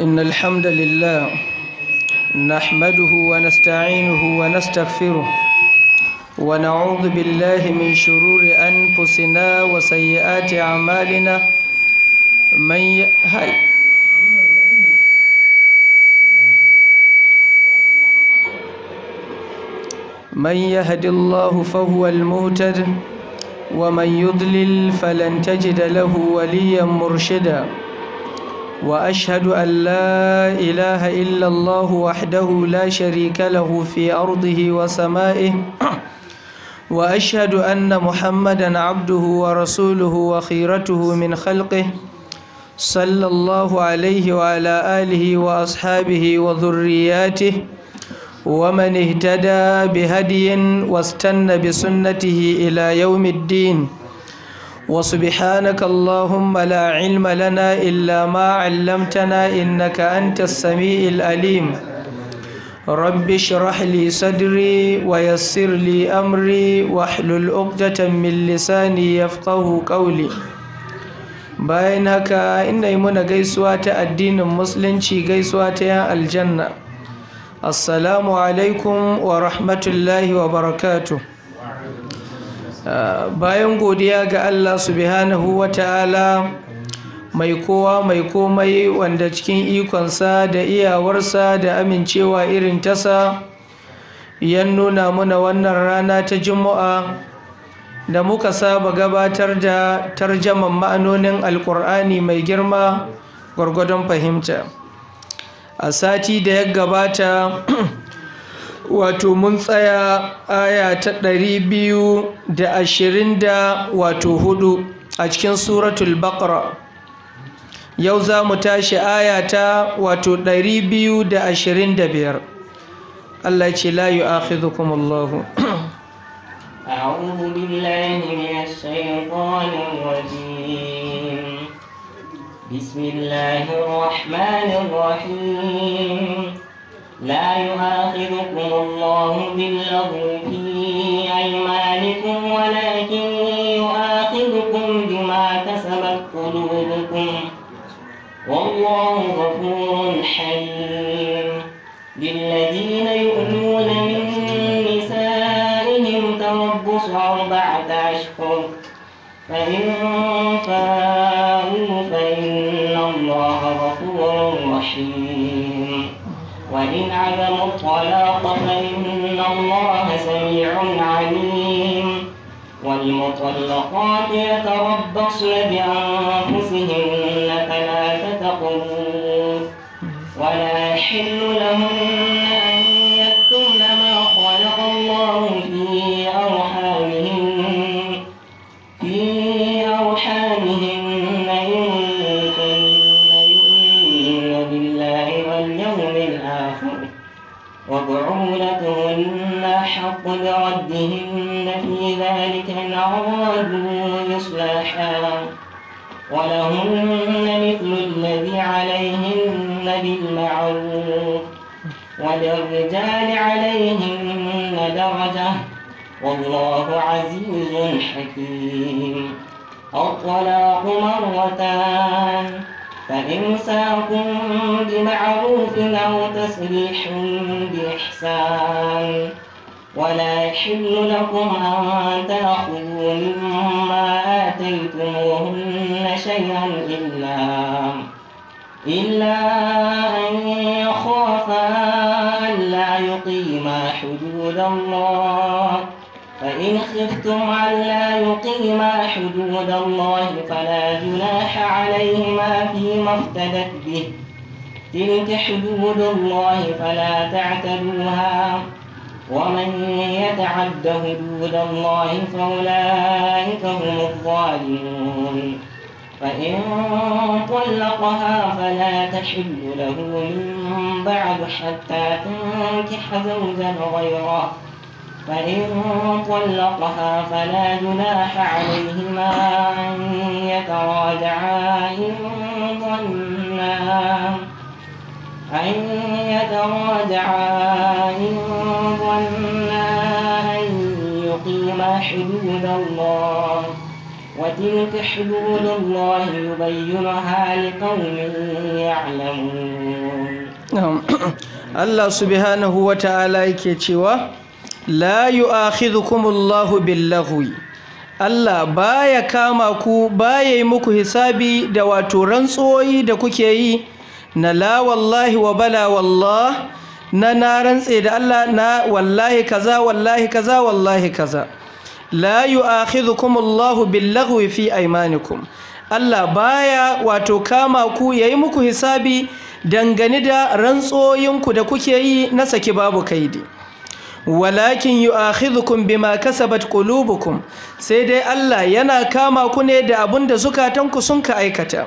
إن الحمد لله نحمده ونستعينه ونستغفره ونعوذ بالله من شرور أنفسنا وسيئات أعمالنا من يهد من يهد الله فهو المهتد ومن يضلل فلن تجد له وليا مرشدا واشهد ان لا اله الا الله وحده لا شريك له في ارضه وسمائه واشهد ان محمدا عبده ورسوله وخيرته من خلقه صلى الله عليه وعلى اله واصحابه وذرياته ومن اهتدى بهدي واستنى بسنته الى يوم الدين وسبحانك اللهم لا علم لنا إلا ما علمتنا إنك أنت السميع الأليم رب اشرح لي صدري ويسر لي أمري واحلل عقدة من لساني يفقه قولي bayan haka ina yi muna gaisuwa ta addinin musulunci gaisuwa ta yan aljanna assalamu alaikum wa rahmatullahi wa barakatuh bayan godiya ga Allah subhanahu wa ta'ala mai kowa mai komai wanda cikin ikonsa da iyawarsa da amincewa irin tasa ya nuna muna wannan rana ta juma'a da muka saba gabatar da tarjaman ma'anonin alkur'ani mai girma gwargwadon fahimta a sati da ya gabata wato mun tsaya aya ta ɗari biyu da ashirin da wato hudu a cikin suratul baqara yau za mu tashi aya ta wato ɗari biyu da ashirin da biyar Allah ce la yu'akhidhukum Allah أعوذ بالله من الشيطان الرجيم بسم الله الرحمن الرحيم لا يؤاخذكم الله باللغو في أيمانكم ولكن يؤاخذكم بما كسبت قلوبكم والله غفور حليم للذين يؤمنون من نسائهم تربص أربعة أشهر فإن فاءوا فإن الله غفور رحيم وإن عزموا الطلاق فإن الله سميع عليم والمطلقات يتربصن بأنفسهن ثلاثة قروء ولا يحل لهن بالمعروف وللرجال عليهن درجة والله عزيز حكيم الطلاق مرتان فإمساك بمعروف أو تسريح بإحسان ولا يحل لكم أن تأخذوا مما آتيتموهن شيئا إلا إلا أن يخافا ألا يقيما حدود الله فإن خفتم ألا يقيما حدود الله فلا جناح عليهما فيما افتدت به تلك حدود الله فلا تعتدوها ومن يتعد حدود الله فأولئك هم الظالمون فإن طلقها فلا تحل له من بعد حتى تنكح زوجا غيره فإن طلقها فلا جناح عليهما أن يتراجعا إن ظنا أن يتراجعا إن ظنا أن يقيما حدود الله وتلك حدود الله يبينها لقوم يعلمون الله سبحانه وتعالى يكتشوا لا يؤاخذكم الله باللغو Allah baya kama ku baya yi muku hisabi da wato rantsoyi da kuke yi na la wallahi wa bala wallah na na rantse da Allah na wallahi kaza wallahi kaza wallahi kaza la kuma Allahu billahi fi aimanikum Allah baya wato kama ku ya yayi muku hisabi dangane da rantsoyinku da kuke yi na saki babu kaidi walakin kuma bima kasabat kulubukum sai dai Allah yana kama ku ne da abun da zukatanku sun ka aikata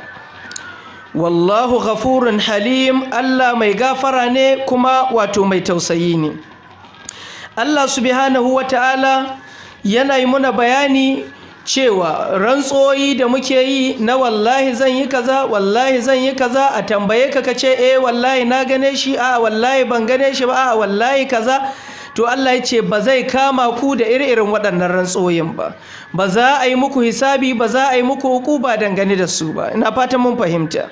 wallahu ghafurun halim Allah mai gafara ne kuma wato mai tausayi ne Allah subhanahu ta'ala. yana yi muna bayani cewa rantsoyi da muke yi na wallahi zan yi kaza wallahi zan yi kaza a tambaye ka ce eh wallahi na gane shi a wallahi ban gane shi ba a wallahi kaza to Allah ya ce ba zai kama ku da iri-irin waɗannan rantsoyin ba ba za a yi muku hisabi ba za a yi muku hukuba dangane da su ba ina fatan mun fahimta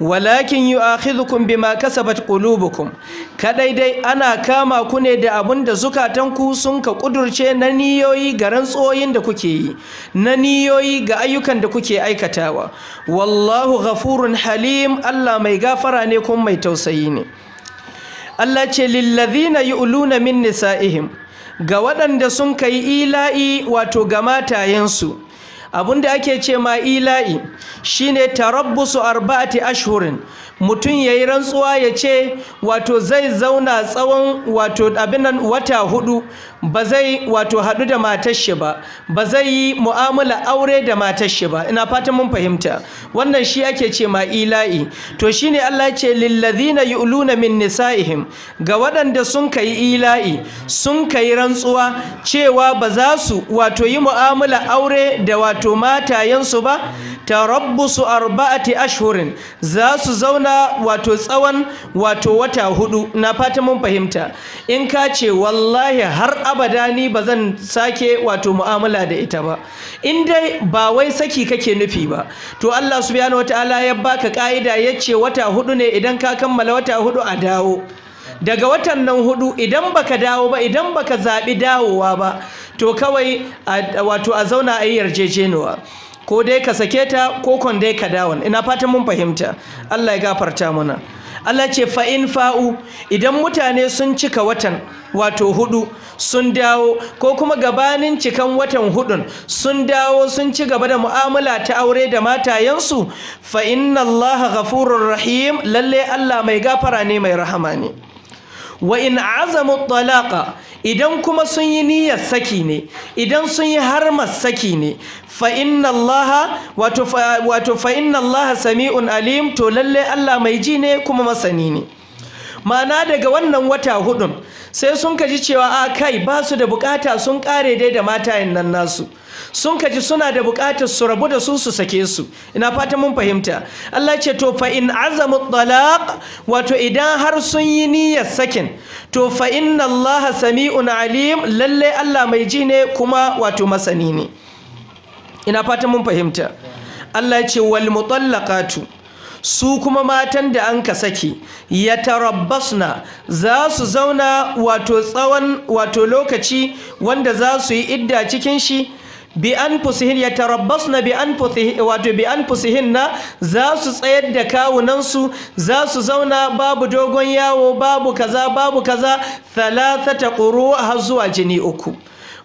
walakin yu'akhidhukum bima kasabat qulubukum kadai dai ana kama ku ne da abun da zukatanku sun ka kudurce na niyoyi ga rantsoyin da kuke yi na niyoyi ga ayyukan da kuke aikatawa wallahu ghafurun halim Allah mai gafara ne kuma mai tausayi ne Allah ce lillazina yu'luna min nisa'ihim ga waɗanda sun kai ila'i wato ga matayensu da ake ce ma ila'i shine tarabbusu arba'ati ashhurin mutum yayi rantsuwa ya ce wato zai zauna tsawon wato abinan wata hudu ba zai wato haɗu da matar shi ba ba zai yi mu'amala aure da matar shi ba ina fatan mun fahimta wannan shi ake ce ma ila'i to shine Allah ya ce lillazina yu'luna min nisa'ihim ga waɗanda sun kai ila'i sun kai rantsuwa cewa ba za su wato yi mu'amala aure da wato matayensu ba tarabbusu arba'ati ashhurin za su zauna wato tsawon wato wata hudu na fata mun fahimta in ka ce wallahi har abada ni ba zan sake wato mu'amala da ita ba in dai ba wai saki kake nufi ba to Allah subhanahu wataala ya baka ka'ida ce wata hudu ne idan ka kammala wata hudu a dawo daga watan nan hudu idan baka dawo ba idan baka zaɓi dawowa ba to kawai wato a zauna a yi yarjejenuwa ko dai ka sake ta ko kon dai ka dawon ina fatan mun fahimta Allah ya gafarta mana Allah ce fa in fa'u idan mutane sun cika watan wato hudu sun dawo ko kuma gabanin cikan watan hudun sun dawo sun ci gaba da mu'amala ta aure da matayensu fa inna Allah ghafurur rahim lalle Allah mai gafara ne mai rahama ne wa in azamu talaqa idan kuma sun yi niyyar saki ne idan sun yi harmar saki ne fa inna allaha wato wato fa inna allaha sami'un alim to lalle Allah mai ji ne kuma masani ne ma'ana daga wannan wata hudun sai sun kaji cewa a kai ba su da bukata sun kare dai da matayen nan nasu sun kaji suna da buƙatar su rabu da su su sake su ina fata mun fahimta Allah ce to fa in azamu talaq wato idan har sun yi niyyar sakin to fa inna Allah sami'un alim lalle Allah mai ji ne kuma wato masani ne ina fata mun fahimta Allah ce wal mutallaqatu su kuma matan da an ka saki ya tarabbasna za su zauna wato tsawon wato lokaci wanda za su yi idda cikin shi bi anfusihin yatarabbasna bi fusihin wato bi na za su tsayar da kawunansu za su zauna babu dogon yawo babu kaza babu kaza thalathata quru har zuwa jini uku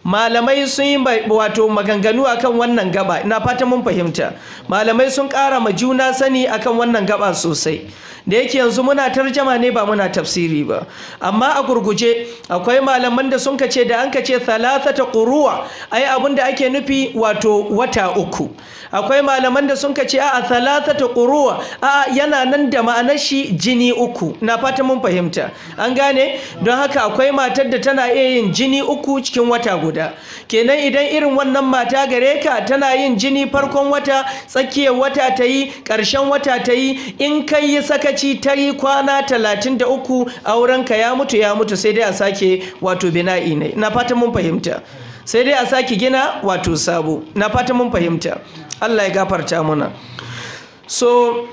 malamai sun yi wato maganganu akan wannan gaba ina fata mun fahimta malamai sun ƙara ma juna sani akan wannan gaba sosai da yake yanzu muna tarjama ne ba muna tafsiri ba amma a gurguje akwai malaman da sun kace da an kace thalathata quruwa ai abin da ake nufi wato wata uku akwai malaman da sun kace a thalathata quruwa a yana nan da ma'anar shi jini uku na fata mun fahimta an gane don haka akwai matar da tana iya yin jini uku cikin wata guda guda kenan idan irin wannan mata gare ka tana yin jini farkon wata tsakiyar wata ta yi ƙarshen wata ta yi in kai yi sakaci ta yi kwana talatin da uku aurenka ya mutu ya mutu sai dai a sake wato bina'i ne na fata mun fahimta sai dai a sake gina wato sabo na fata mun fahimta Allah ya gafarta muna so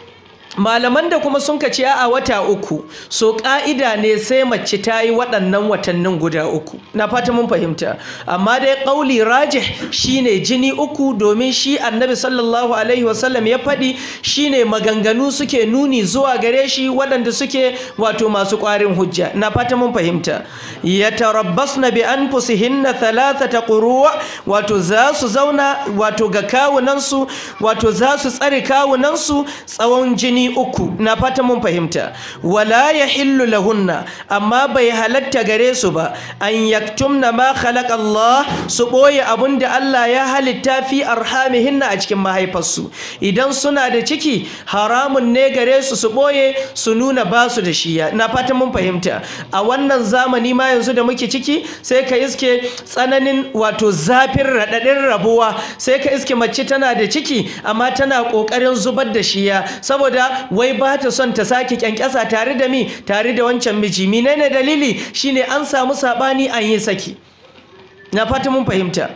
malaman da kuma sun kaci a wata uku so ka'ida ne sai mace ta yi waɗannan watannin guda uku na fata mun fahimta amma dai ƙauli Raje shine jini uku domin shi annabi sallallahu alaihi wasallam ya faɗi shine maganganu suke nuni zuwa gare shi waɗanda suke wato masu ƙwarin hujja na fata mun fahimta ya tarabbas na bi talata ta ƙuruwa wato za su zauna wato ga kawunansu wato za su tsare kawunansu tsawon jini kalmomi uku na fata mun fahimta wala ya hillu lahunna amma bai halatta gare su ba an yaktumna ma khalaqa Allah su boye abinda Allah ya halitta fi arhamihinna a cikin mahaifarsu idan suna da ciki haramun ne gare su su boye su nuna ba su da shiya, na fata mun fahimta a wannan zamani ma yanzu da muke ciki sai ka iske tsananin wato zafin radadin rabuwa sai ka iske mace tana da ciki amma tana ƙoƙarin zubar da shiya saboda wai ba ta son ta sake kyankyasa tare da mi tare da wancan miji menene dalili shine an samu sabani an yi saki na fata mun fahimta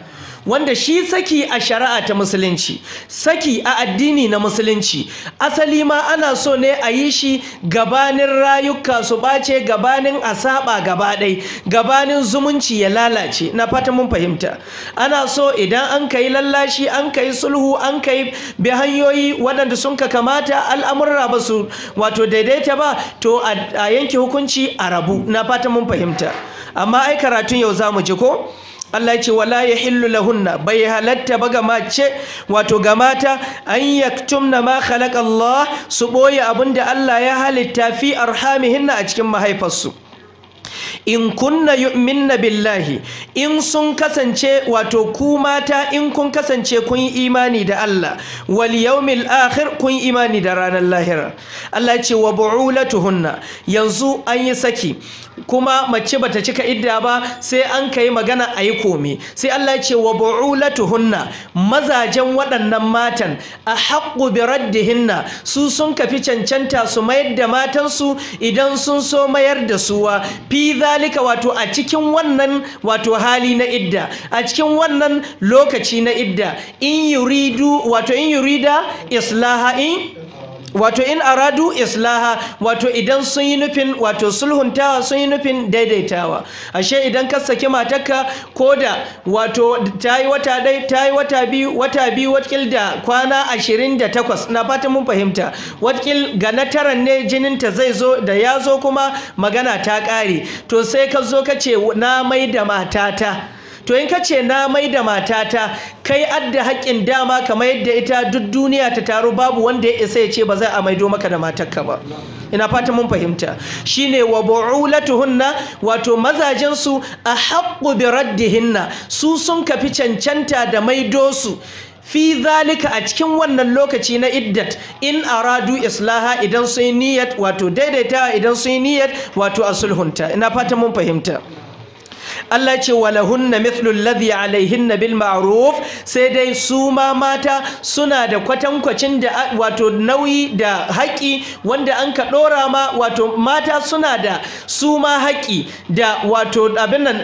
wanda shi saki a shari'a ta musulunci saki a addini na musulunci asali ma ana so ne a yi shi gabanin rayuka su bace, gabanin a saba gaba ɗai gabanin zumunci ya lalace na fata mun fahimta ana so idan an ka yi lallashi an ka yi sulhu an yi bi hanyoyi waɗanda sun ka kamata al'amurra ba su wato daidaita ba to a yanke hukunci a rabu na fata mun fahimta amma ai karatun yau za mu ji ko Allah ya ce wala yahillu lahunna bai halatta ba ga mace wato ga mata an yaktumna ma khalaqa Allah su boye abinda Allah ya halitta fi arhamihinna a cikin mahaifarsu in kunna yu'minna billahi in sun kasance wato ku mata in kun kasance kun yi imani da Allah wal yawmil akhir kun yi imani da ranar lahira Allah ya ce wa bu'ulatuhunna yanzu an yi saki kuma mace bata cika idda ba sai an kai magana ayi komi sai Allah ya ce wa bu'ulatuhunna mazajen waɗannan matan a haqqu bi raddihinna su sun kafi cancanta su mayar da matan su idan sun so mayar da suwa fi zalika wato a cikin wannan wato hali na idda a cikin wannan lokaci na idda in yuridu wato in yurida islaha in wato in aradu islaha wato idan sun yi nufin wato sulhuntawa sun yi nufin daidaitawa ashe idan ka saki matarka ko da wato ta yi wata dai ta yi wata biyu wata biyu watkil da kwana ashirin da takwas na fatan mun fahimta watkil ga na taran ne ta zai zo da ya zo kuma magana ta ƙare to sai ka zo ka ce na mai da matata to in ka ce na mai da matata kai adda haƙƙin dama kamar yadda ita duk duniya ta taru babu wanda ya isa ya ce ba zai a maido maka da matarka ba ina fata mun fahimta shine wa bu'ulatuhunna wato mazajen su haqqu bi raddihinna su sun kafi cancanta da maido su fi zalika a cikin wannan lokaci na iddat in aradu islaha idan sun yi niyyat wato daidaitawa idan sun yi niyyat wato asulhunta ina fata mun fahimta Allah ce walahunna mithlu alladhi alaihinna bil ma'ruf sai dai su ma mata suna da kwatankwacin da wato nauyi da haƙi wanda an ka dora ma wato mata suna da su ma haƙi da wato abin nan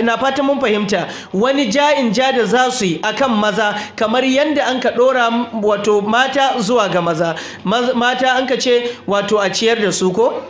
ina fata mun fahimta wani ja'in ja da za su yi akan maza kamar yanda an ka dora wato mata zuwa ga maza mata an ka ce wato a ciyar da su ko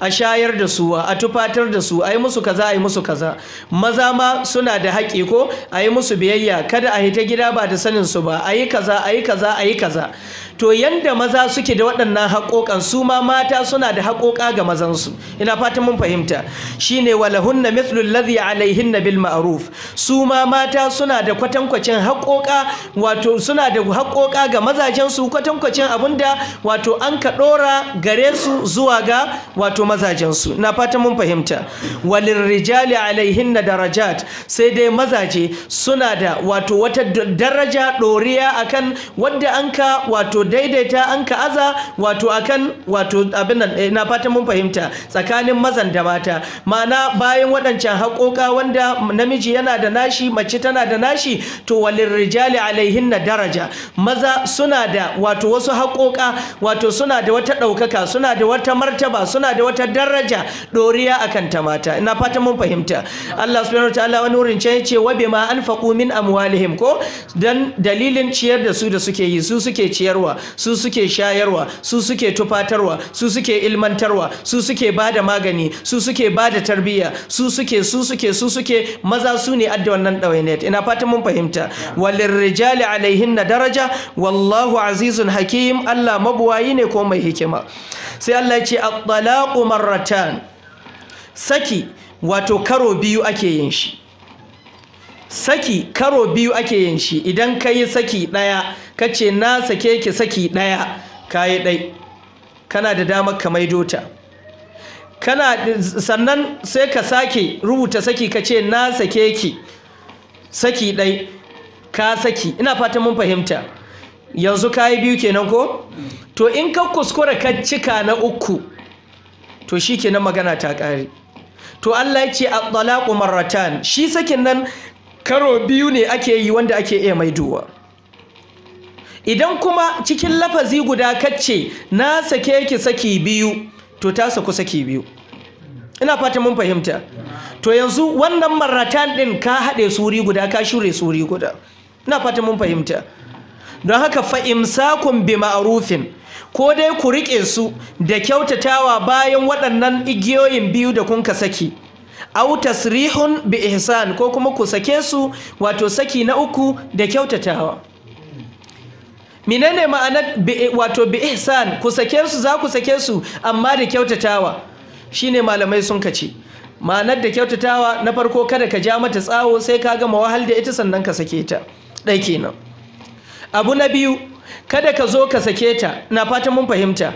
a shayar da su a tufatar da su a yi musu kaza a yi musu kaza maza ma suna da haƙi ko a yi musu biyayya kada a hita gida ba da sanin su ba a yi kaza a yi kaza a yi kaza to yanda maza suke da waɗannan haƙoƙan su ma mata suna da haƙoƙa ga mazansu ina fatan mun fahimta shine walahunna mithlul ladhi alaihinna bil ma'ruf su ma mata suna da kwatankwacin haƙoƙa wato suna da haƙoƙa ga mazajen su kwatankwacin abinda wato an ka dora gare su zuwa ga wato mazajen su ina fatan mun fahimta walil rijali alaihinna darajat sai dai mazaje suna da wato wata daraja doriya akan wanda an ka wato daidaita an ka aza wato akan wato abin nan eh, na fatan mun fahimta tsakanin mazan da mata ma'ana bayan waɗancan haƙoƙa wanda namiji yana da nashi mace tana da nashi to walin rijali na daraja maza suna da wato wasu haƙoƙa wato suna da wata ɗaukaka suna da wata martaba suna da wata daraja ɗoriya kan ta mata ina fatan mun fahimta Allah subhanahu ta'ala wani wurin can yace wa ma an min amwalihim ko dan dalilin ciyar da su da suke yi su suke ciyarwa su suke shayarwa su suke tufatarwa su suke ilmantarwa su suke bada magani su suke bada tarbiyya su suke su suke su suke maza su ne adda wannan ɗawainiyar ina fatan mun fahimta walin rijali alaihin na daraja wallahu azizun hakim Allah mabuwayi ne ko mai hikima sai Allah ya ce at-talaqu marratan saki wato karo biyu ake yin shi saki karo biyu ake yin shi idan ka yi saki ɗaya ka ce na sake ki saki ɗaya ka yi ɗai kana da damar ka maido ta sannan sai ka sake rubuta saki ka ce na sake ki saki ɗai ka saki ina fatan mun fahimta yanzu ka yi biyu kenan ko to in ka kuskura ka cika na uku to shi kenan magana ta ƙare to Allah ya ce a marratan shi sakin nan karo biyu ne ake yi wanda ake iya maidowa idan kuma cikin lafazi guda kacce na sake ki saki biyu to ta saku saki biyu ina fata mun fahimta to yanzu wannan maratan din ka haɗe suri guda ka shure suri guda ina fata mun fahimta don haka fa imsakun bi ma'arufin ko dai ku riƙe su da kyautatawa bayan waɗannan igiyoyin biyu da kun ka saki au tasrihun bi ihsan ko kuma ku sake su wato saki na uku da kyautatawa menene ma'anar wato bi ihsan ku sake su za ku sake su amma da kyautatawa shine malamai sun kace ma'anar da kyautatawa na farko kada ka ja mata tsawo sai ka gama wahal da ita sannan ka sake ta ɗai kenan abu na biyu kada ka zo ka sake ta na fatan mun fahimta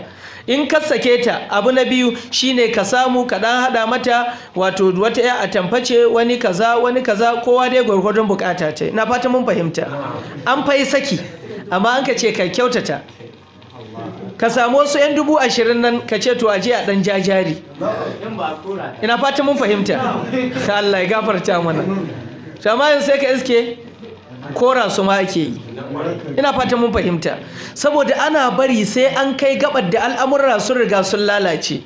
in ka sake ta abu na biyu shine ka samu ka dan hada mata wato wata ya atamface wani kaza wani kaza kowa dai gurgurdun bukata ta, na fatan mun fahimta an fai saki amma an ka ce ka kyautata ka samu wasu 'yan dubu ashirin nan ka ce to aje a dan jajari ina fata mun fahimta Ka Allah ya gafarta mana to amma yanzu sai ka iske kora su ma ake yi ina fatan mun fahimta saboda ana bari sai an kai gabar da al'amurra sun riga sun lalace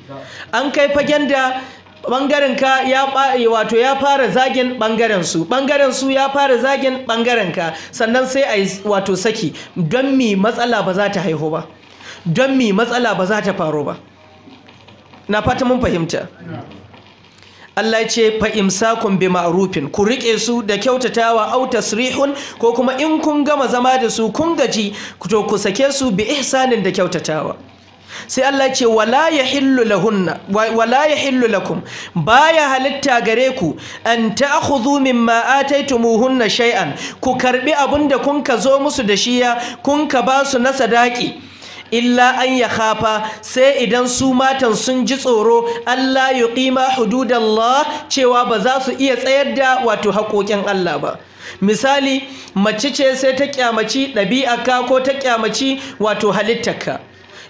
an kai fagen da bangaren ka ya wato ya fara zagin bangaren su bangaren su ya fara zagin bangaren ka sannan sai a wato saki don mi matsala ba za ta haihu ba don mi matsala ba za ta faru ba na fata mun fahimta Allah ya ce fa imsakun bi ma'rufin ku rike su da kyautatawa au tasrihun ko kuma in kun gama zama da su kun gaji to ku sake su bi ihsanin da kyautatawa sai Allah ya ce wala yahillu lahunna wala yahillu lakum baya halitta gare ku an ta'khudhu mimma ataytumuhunna shay'an ku karbi abinda kun ka zo musu da shiya kun ka ba su na sadaki illa an ya khafa sai idan su matan sun ji tsoro Allah ya qima hududallah cewa ba za su iya tsayar da wato haƙoƙin Allah ba misali mace ce sai ta kyamaci ɗabi'a ka ko ta kyamaci wato halittarka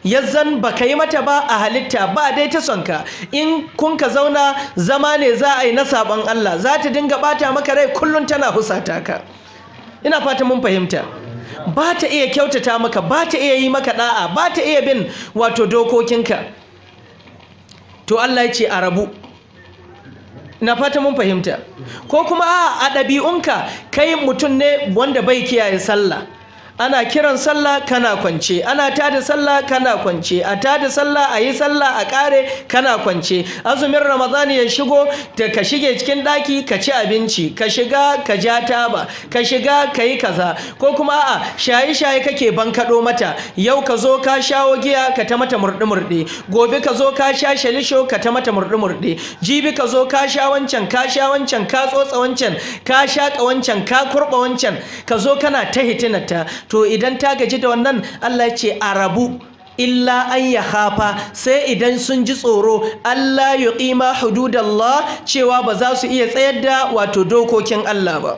yazzan ba ka yi mata ba a halitta ba dai ta son ka in kun ka zauna zama ne za a yi na sabon Allah za ta dinga bata maka rai kullum tana husata ka ina fata mun fahimta ba ta iya kyautata maka ba ta iya yi maka da'a ba ta iya bin wato dokokinka to Allah ya ce a rabu na fata mun fahimta ko kuma a ɗabi'unka kai mutum ne wanda bai kiyaye sallah ana kiran sallah kana kwance ana tada sallah kana kwance a tada sallah a yi sallah a kare kana kwance azumin ramadan ya shigo da ka shige cikin daki ka ci abinci ka shiga ka ja taba ka shiga ka yi kaza ko kuma a shaye shaye kake bankaɗo mata yau ka zo ka shawo giya ka ta mata murdi murdi gobe ka zo ka sha shalisho ka ta mata murdi murdi jibi ka zo ka sha wancan ka sha wancan ka tsotsa wancan ka shaƙa wancan ka kurba wancan ka zo kana ta hitinata to idan ta gaji da wannan Allah ce a rabu illa an ya hafa sai idan sun ji tsoro Allah ya ƙima hududallah cewa ba za su iya tsayar da wato dokokin Allah ba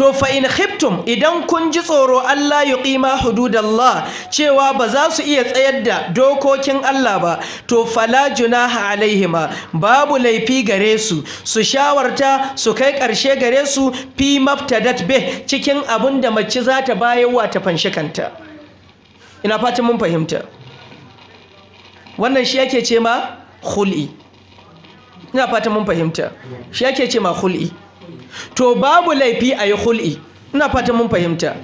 to fa in khiftum idan kun ji tsoro Allah yuqima hududallah cewa ba za su iya tsayar da dokokin Allah ba to fala junaha alaihima babu laifi gare su su shawarta su kai karshe gare su fi maftadat be cikin abun da mace za ta bayarwa ta fanshi kanta ina fatan mun fahimta wannan shi yake ce ma khul'i ina fatan mun fahimta shi yake ce ma khul'i to babu laifi a yi hul'i ina fata mun fahimta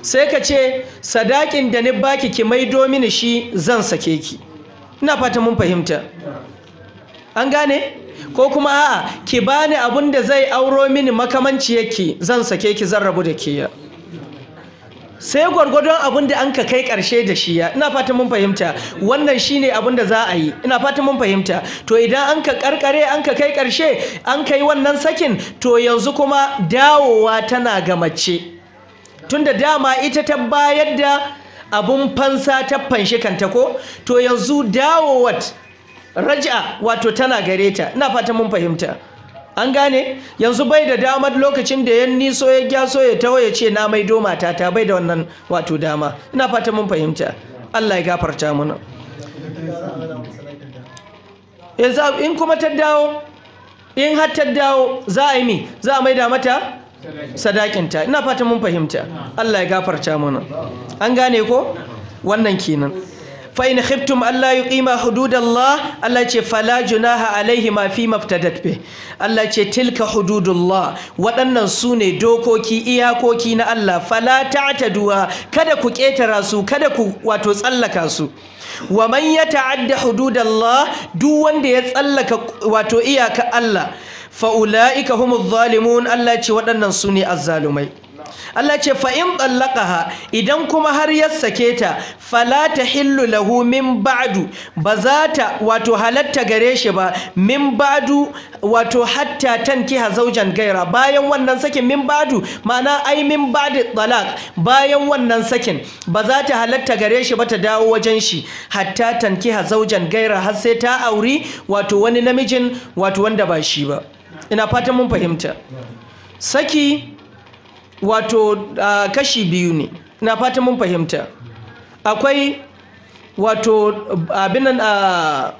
sai ka ce sadakin da ni baki ki maido mini shi zan sake ki ina fata mun fahimta an gane ko kuma a'a ki bani abun da zai auro mini yake zan sake ki zan rabu da ke ya sai gwargwadon abin da an ka kai ƙarshe da shi ya ina fatan mun fahimta wannan shine abin da za a yi ina fatan mun fahimta to idan an ka karkare an ka kai ƙarshe an kai wannan sakin to yanzu kuma dawowa tana ga mace tunda dama ita ta bayar da abun fansa ta fanshi kanta ko to yanzu dawowat raja wato tana gare ta ina fatan mun fahimta an gane yanzu bai da damar lokacin da ya niso ya gyaso ya taho ya ce na mai doma ta ta bai da wannan wato dama ina fata mun fahimta Allah ya gafarta mana yanzu in kuma ta dawo in har ta dawo za a yi mi za a mai da mata sadakinta ina fata mun fahimta Allah ya gafarta mana an gane ko wannan kenan fa in Allah alla yuqima hududallah Allah ce fala junaha alaihi ma fi maftadat bi Allah ce tilka hududullah waɗannan su ne dokoki iyakoki na Allah fala duwa kada ku ƙetara su kada ku wato tsallaka su wa man ta'adda hududallah duk wanda ya tsallaka wato iyaka Allah fa ulaika humuz zalimun Allah ce waɗannan su ne azzalumai Allah ce fa in ha idan kuma har ya sake ta fala tahillu lahu min za ta wato halatta gare shi ba min ba'adu wato hatta tankiha zaujan gaira bayan wannan sakin min ba'adu ma'ana ai min ba’adu tsallak bayan wannan sakin ta halatta gare shi ba ta dawo wajen shi hatta tankiha zaujan gaira har sai ta auri wato wani namijin wato wanda ba shi ba ina fatan mun fahimta saki wato kashi biyu ne na fata mun fahimta akwai wato abinan a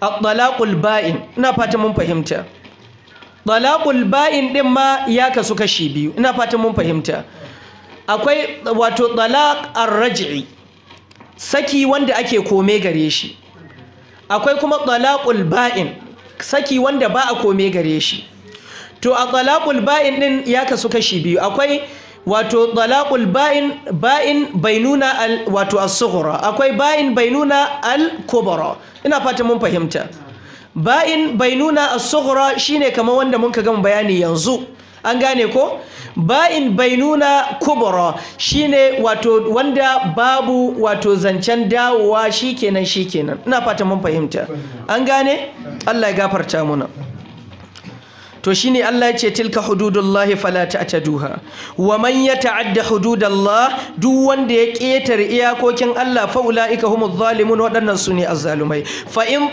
talaƙul ba'in ina fata mun fahimta talaƙul ba'in ɗin ma ya kasu kashi biyu ina fata mun fahimta akwai wato talaq ar saki wanda ake kome gare shi akwai kuma talaqul ba'in saki wanda ba a kome gare shi to a talaqul ba'in ɗin ya kasu kashi biyu akwai wato talaqul ba'in ba'in bainuna al wato as-sughra akwai ba'in bainuna al-kubra ina fata mun fahimta ba'in bainuna as-sughra shine kamar wanda mun gama bayani yanzu an gane ko ba'in bainuna kubra shine wato wanda babu wato zancen dawowa shikenan shikenan ina fata mun fahimta an gane Allah ya gafarta muna to shine Allah ya ce tilka hududullahi fala ta'taduha wa man yata'adda hududallah duk wanda ya ƙetare iyakokin Allah fa ulaika humuz zalimun wadannan sune azzalumai fa in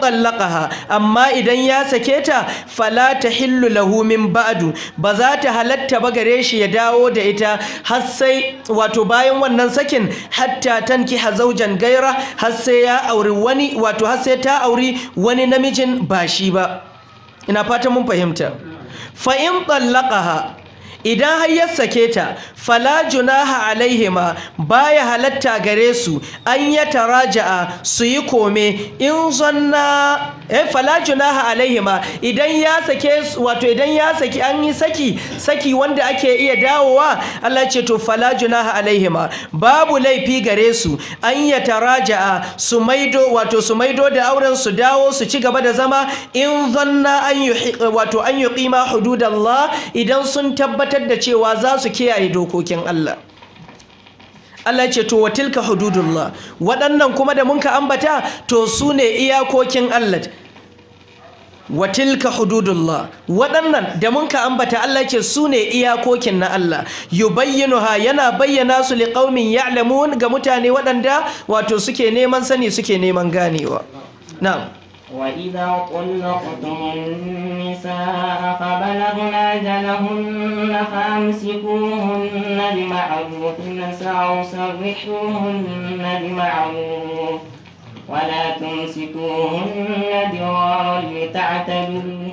amma idan ya sake ta fala tahillu lahu min ba'du ba za ta halatta ba gare shi ya dawo da ita har sai wato bayan wannan sakin hatta tanki zaujan gaira har sai ya auri wani wato har sai ta auri wani namijin ba shi ba ina fatan mun fahimta فإن طلقها idan har ya sake ta fala junaha alaihima baya halatta gare su an ya taraja'a su yi kome in zanna eh fala junaha alaihima idan ya sake wato idan ya saki an yi saki saki wanda ake iya dawowa Allah ce to fala junaha alaihima babu laifi gare su an ya taraja'a su maido wato su maido da auren su dawo su ci gaba da zama in zanna an wato an yuqima hududallah idan sun tabbata tabbatar da cewa za su kiyaye dokokin Allah Allah ce to watilka hududullah waɗannan kuma da munka ambata to su ne iyakokin Allah watilka hududullah waɗannan da munka ambata Allah ce su ne iyakokin na Allah yubayyinuha yana bayyana su liqaumin ya'lamun ga mutane waɗanda wato suke neman sani suke neman ganewa na'am وإذا طلقتم النساء فبلغن أجلهن فأمسكوهن بمعروف أو سرحوهن بمعروف ولا تمسكوهن ضرارا لتعتدوا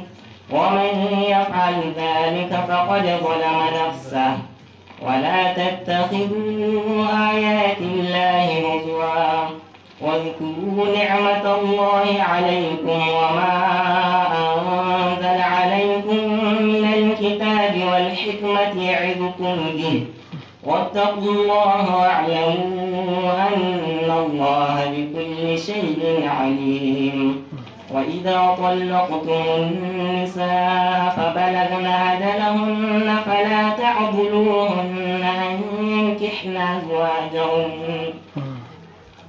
ومن يفعل ذلك فقد ظلم نفسه ولا تتخذوا آيات الله هزوا واذكروا نعمة الله عليكم وما أنزل عليكم من الكتاب والحكمة يعظكم به واتقوا الله واعلموا أن الله بكل شيء عليم وإذا طلقتم النساء فبلغن أجلهن فلا تعضلوهن أن ينكحن أزواجهن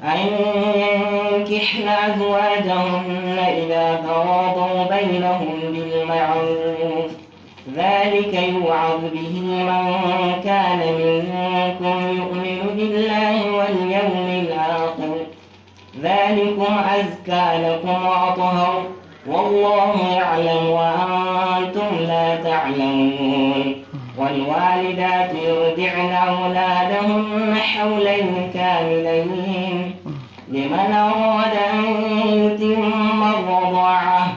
أنكحن أزواجهن إذا تراضوا بينهم بالمعروف ذلك يوعظ به من كان منكم يؤمن بالله واليوم الآخر ذلكم أزكى لكم وأطهر والله يعلم وأنتم لا تعلمون والوالدات يرضعن أولادهن حولين كاملين لمن أراد أن يتم الرضاعة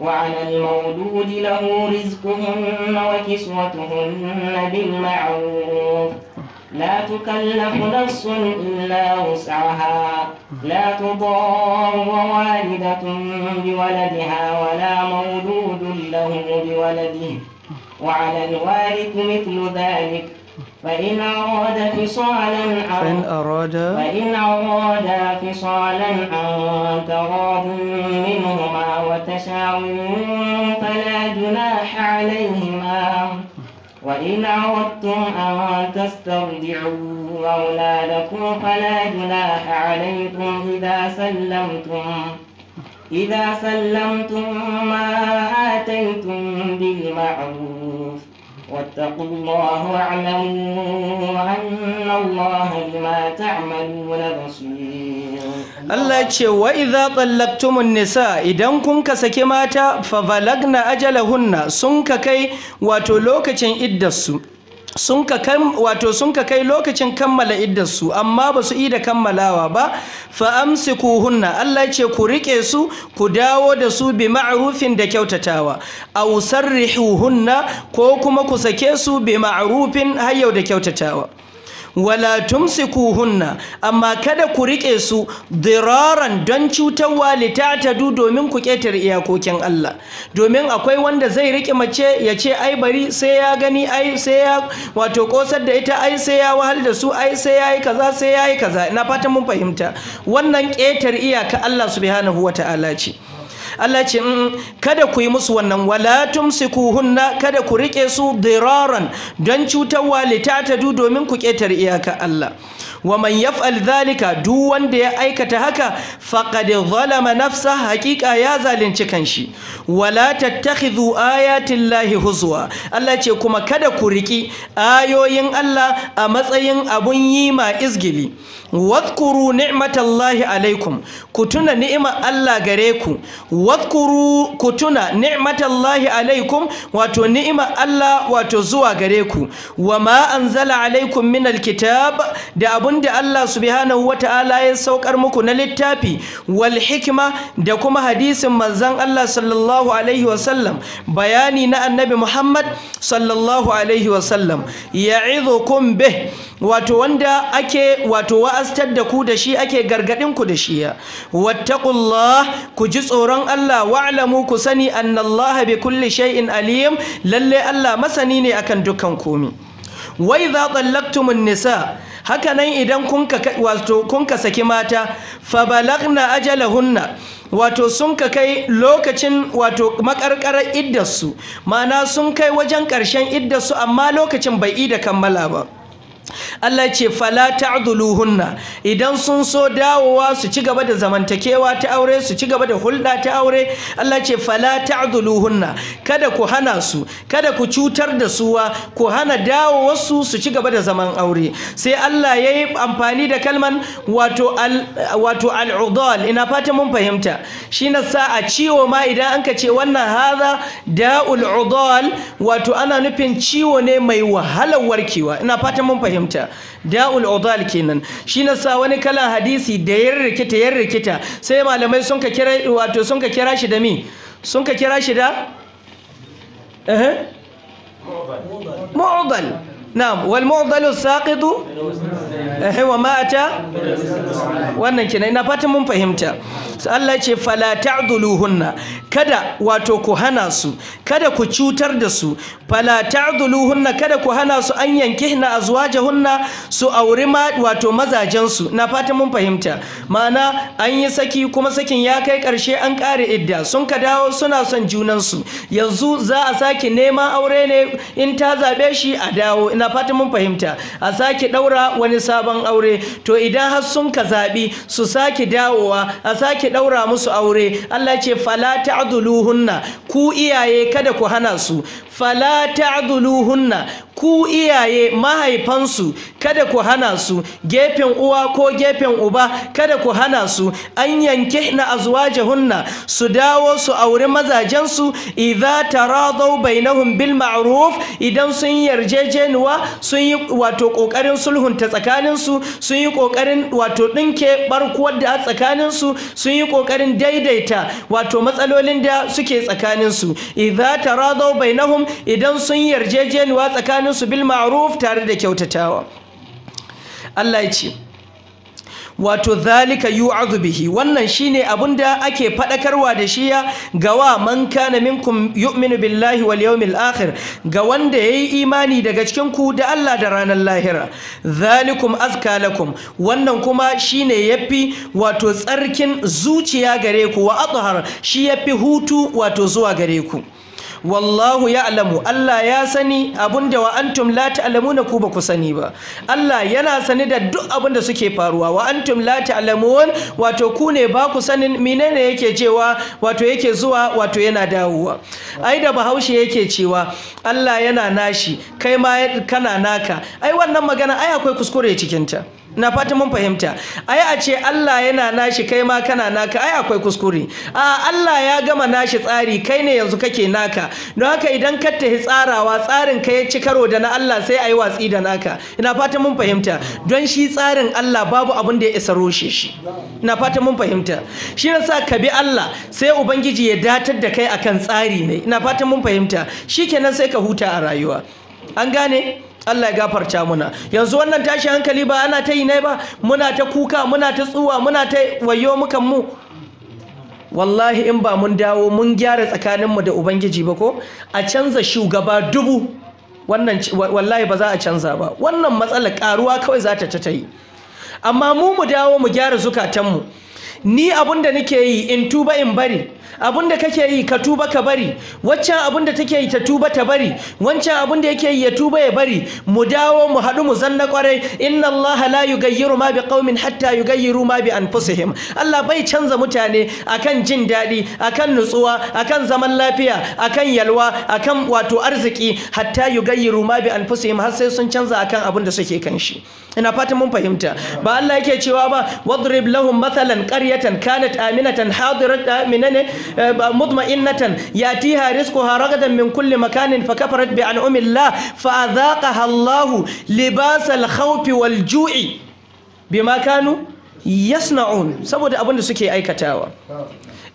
وعلى المولود له رزقهن وكسوتهن بالمعروف لا تكلف نفس إلا وسعها لا تضار والدة بولدها ولا مولود له بولده وعلى الوارث مثل ذلك فإن أراد فصالا عن فإن أراد فإن أراد فصالا عن تراض منهما وتشاور فلا جناح عليهما وإن أردتم أن تسترجعوا أولادكم فلا جناح عليكم إذا سلمتم إذا سلمتم ما آتيتم بالمعروف واتقوا الله واعلموا أن الله بما تعملون بصير Allah ce wa idza tallaqtumun nisa idan kun ka saki mata fa balagna ajalahunna sun ka kai wato lokacin iddarsu wato sun ka kai lokacin kammala iddarsu amma ba su da kammalawa ba fa kuhunna Allah ce ku riƙe su ku dawo da su bi ma'arufin da kyautatawa a rihu hunna ko kuma ku sake su bi ma’arufin hayyau da kyautatawa wala tumsikuhunna amma kada ku rike su diraran don cutarwa litatadu domin ku ketare iyakokin Allah domin akwai wanda zai rike mace ya ce ai bari sai ya gani ai sai ya wato kosar da ita ai sai ya wahal da su ai sai ya yi kaza sai ya yi kaza na fatan mun fahimta wannan ketar iyaka Allah subhanahu wataala ce Allah ce mm, mm, kada ku yi musu wannan wala tumsikuhunna kada ku rike su diraran don cutarwa du domin ku ketar iyaka Allah wa man yaf'al dhalika duk wanda ya aikata haka faqad zalama nafsa haqiqa ya zalunci kanshi wala tattakhidhu ayati llahi huzwa Allah ce kuma kada ku riki ayoyin Allah a matsayin abun yi ma izgili wadhkuru ni'matallahi alaikum ku tuna ni'imar Allah gare ku wadkuru ku tuna ni'matallahi alaikum wato ni'ma Allah wato zuwa gare ku wama anzala alaikum min alkitab da abinda Allah subhanahu wataala ya saukar muku na littafi wal hikma da kuma hadisin manzon Allah sallallahu alaihi wasallam bayani na annabi Muhammad sallallahu alaihi wasallam ya'idhukum bih wato wanda ake wato wa wa'aztar da ku da shi ake gargadin ku da shi wattaqullah ku ji tsoron Allah wa'lamu ku sani annallaha bi kulli shay'in alim lalle Allah masani ne akan dukkan komi wa idza tallaqtumun nisa haka nan idan kun ka wato kun ka saki mata fa balagna ajalahunna wato sun ka kai lokacin wato makarkarar iddarsu ma'ana sun kai wajen ƙarshen iddarsu amma lokacin bai ida kammala ba Allah ce fala ta'dhuluhunna idan sun so dawowa su ci gaba da zamantakewa ta aure su ci gaba da hulɗa ta aure Allah ce fala ta'dhuluhunna kada ku hana su kada ku cutar da suwa ku hana dawowa su su ci gaba da zaman aure sai Allah yayi amfani da kalman wato al wato al'udal ina fata mun fahimta shine sa a ciwo ma idan anka ce wannan hadha da'ul udal wato ana nufin ciwo ne mai wahalar warkewa ina fata mun fahimta fahimta da'ul udal kenan shi na sa wani kalan hadisi da ya rikita ya rikita sai malamai sun ka kira wato sun ka kira shi da mi sun ka kira shi da eh mu'dal na'am wal mu'dalu saqitu eh, wa mata wannan kenan ina fatan mun fahimta Allah ce fala ta'dhuluhunna kada wato ku hana su kada ku cutar da su fala ta'dhuluhunna kada ku hana su an yankihna azwajahunna su auri ma wato mazajen su na fatan mun fahimta ma'ana an yi saki kuma sakin ya kai karshe an kare idda sun ka dawo suna son junan su yanzu za a sake neman aure ne in ta zabe shi a dawo ina ina fatan mun fahimta a sake daura wani sabon aure to idan har sun ka zabi su sake dawowa a sake daura musu aure Allah ce fala ta'duluhunna ku iyaye kada ku hana su fala hunna ku iyaye mahaifansu kada ku hana su gefen uwa ko gefen uba kada ku hana su an yanke na hunna su dawo su auri mazajensu idza taradaw bainahum bil ma'ruf idan sun yarjejenuwa sun yi wato kokarin sulhunta tsakaninsu sun yi kokarin wato dinke barkuwar da tsakaninsu sun yi kokarin daidaita wato matsalolin da suke tsakaninsu idza taradaw bainahum idan sun yarjejeniwa tsakanin su bil ma'ruf tare da kyautatawa Allah ya ce wato zalika yu'adhu bihi wannan shine abinda ake fadakarwa da shiya ga wa man kana minkum yu'minu billahi wal yawmil akhir ga wanda yayi imani daga cikin ku da Allah da ranar lahira zalikum azka lakum wannan kuma shine yafi wato tsarkin zuciya gare ku wa athhar shi yafi hutu wato zuwa gare ku wallahu ya'lamu Allah ya sani abinda wa antum la ta'lamuna ku ba ku sani ba Allah yana sani da duk da suke faruwa wa antum la ta'lamun wato ku ne ba ku sanin menene yake cewa wato yake zuwa wato yana dawowa ai da bahaushe yake cewa Allah yana nashi kai ma kana naka ai wannan magana ai akwai kuskure cikin ta na fata mun fahimta ai a ce Allah yana nashi kai ma kana naka ai akwai kuskure a Allah ya gama nashi tsari kai ne yanzu kake naka don haka idan ka tafi tsarawa tsarin ka ya ci karo da na Allah sai ayi watsi da naka ina fata mun fahimta don shi tsarin Allah babu abin da ya isa roshe shi ina fata mun fahimta shi yasa ka bi Allah sai ubangiji ya datar da kai akan tsari ne ina fata mun fahimta shikenan sai ka huta a rayuwa an gane Allah ya gafarta muna yanzu wannan tashi hankali ba ana ta yi ne ba muna ta kuka muna ta tsuwa muna ta wayo mukan mu wallahi in ba mun dawo mun gyara tsakaninmu da ubangiji ba ko a canza shugaba dubu wannan wallahi ba za a canza ba wannan matsalar karuwa kawai za ta ta yi amma mu mu dawo mu gyara zukatan mu ni abun da nake yi in tuba in bari abun da kake yi ka tuba ka bari waccan abun da take yi ta tuba ta bari wancan abun da yake yi ya tuba ya bari mu dawo mu haɗu mu zanna kwarai inna Allah la yugayyiru ma biqaumin hatta yugayyiru ma bi anfusihim Allah bai canza mutane akan jin daɗi akan nutsuwa akan zaman lafiya akan yalwa akan wato arziki hatta yugayyiru ma bi anfusihim har sai sun canza akan abun da suke kanshi shi ina fatan mun fahimta ba Allah yake cewa ba wadrib lahum mathalan qari qaryatan kanat aminatan hadiratan minan eh, mutma'innatan yatiha rizquha ragadan min kulli makanin fakafarat bi an'amillah fa adhaqaha Allah libasal khawfi wal ju'i bima kanu da saboda abinda suke aikatawa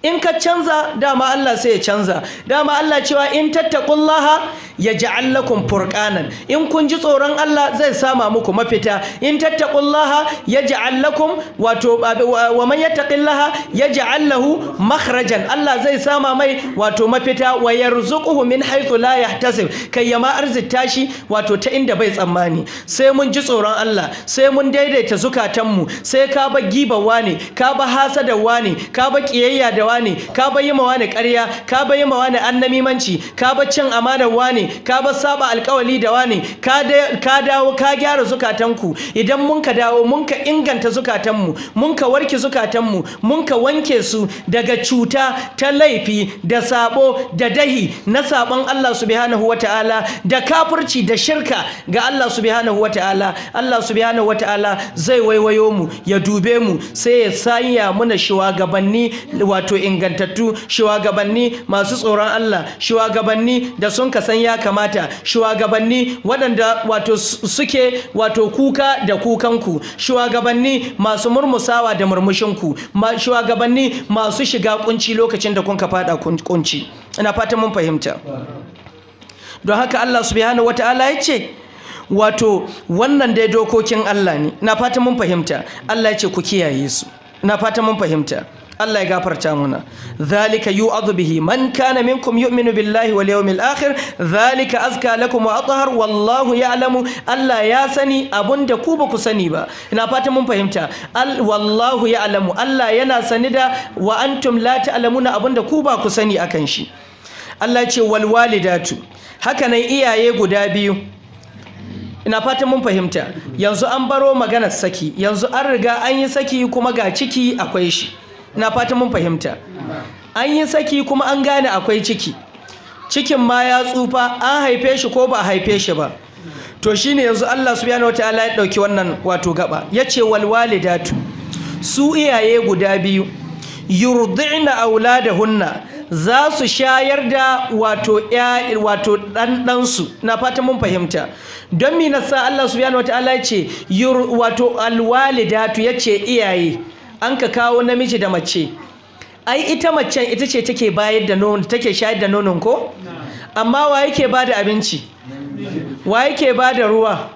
in ka canza dama Allah sai ya canza dama Allah cewa in tattaqullaha yaj'al lakum furqanan in kun ji tsoron Allah zai sama muku mafita in tattaqullaha yaj'al lakum wato wa man yattaqillaha yaj'al lahu makhrajan Allah zai sama mai wato mafita wa yarzuquhu min haythu la yahtasib kai yama arzita shi wato ta inda bai tsammani sai mun ji tsoron Allah sai mun daidaita zukatanmu sai ka ba giba wani ka ba hasada wani ka ba kiyayya da wani ka mawa ne ƙarya ka ne annami annamimanci ka bar cin amanar ne ka bar saba alƙawali da wani ka ka dawo ka gyara zukatanku idan mun ka dawo mun ka inganta zukatanmu mun ka warke zukatanmu mun ka wanke su daga cuta ta laifi da sabo da dahi na sabon Allah subhanahu wataala da kafirci da shirka ga Allah subhanahu wataala Allah subhanahu wataala zai waiwayo mu ya dube mu sai ya sanya mana shugabanni wato ingantattu shugabanni masu tsoron Allah shugabanni da sun kasan ya kamata shugabanni waɗanda wato suke wato kuka da kukanku shugabanni masu murmusawa da murmushinku shugabanni masu shiga kunci lokacin da kun ka fada kunci ina fatan mun fahimta don haka Allah subhanahu wataala ya ce wato wannan dai dokokin Allah ne na fata mun fahimta Allah ya ce ku kiyaye su na fata mun fahimta Allah ya gafarta muna zalika yu'adhu bihi man kana minkum yu'minu billahi wal yawmil akhir zalika azka lakum wa athhar wallahu ya'lamu Allah ya sani abunda ku ba ku sani ba ina fatan mun fahimta wallahu ya'lamu Allah yana sani da wa antum la ta'lamuna abunda ku ba ku sani akan shi Allah ce wal walidatu haka nan iyaye guda biyu ina fatan mun fahimta yanzu an baro maganar saki yanzu an riga an yi saki kuma ga ciki akwai shi na fata mun fahimta an yi saki kuma an gane akwai ciki cikin ma ya tsufa an haife shi ko ba a haife shi ba to shine yanzu Allah subhanahu wataala ya dauki wannan wato gaba yace wal walidatu su iyaye guda biyu yurdi'na auladahunna za su shayar da wato ya ɗanɗansu na fata mun fahimta don mi nasa Allah subhanahu wataala ya ce wato alwalidatu yace iyaye an ka kawo namiji da mace ai ita macen ita ce take bayar da nono take shayar da nonon ko amma wa yake ba da abinci wa yake ba da ruwa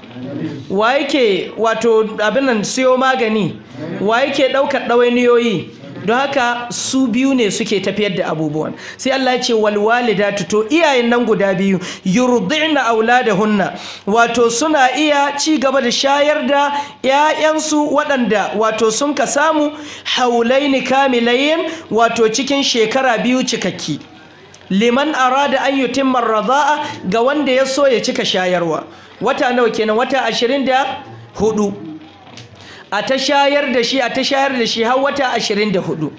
wa yake wato abin nan siyo magani wa yake ɗaukar ɗawainiyoyi don haka su biyu ne suke tafiyar da abubuwan sai Allah ya ce wal walidatu to iyayen nan guda biyu yurdina auladahunna wato suna iya ci gaba da shayar da ƴaƴansu waɗanda wato sun ka samu haulaini kamilayn wato cikin shekara biyu cikakki liman arada an yutimma radha'a ga wanda ya so ya cika shayarwa wata nawa kenan wata 24 a ta shayar da shi a ta shayar da shi har wata 24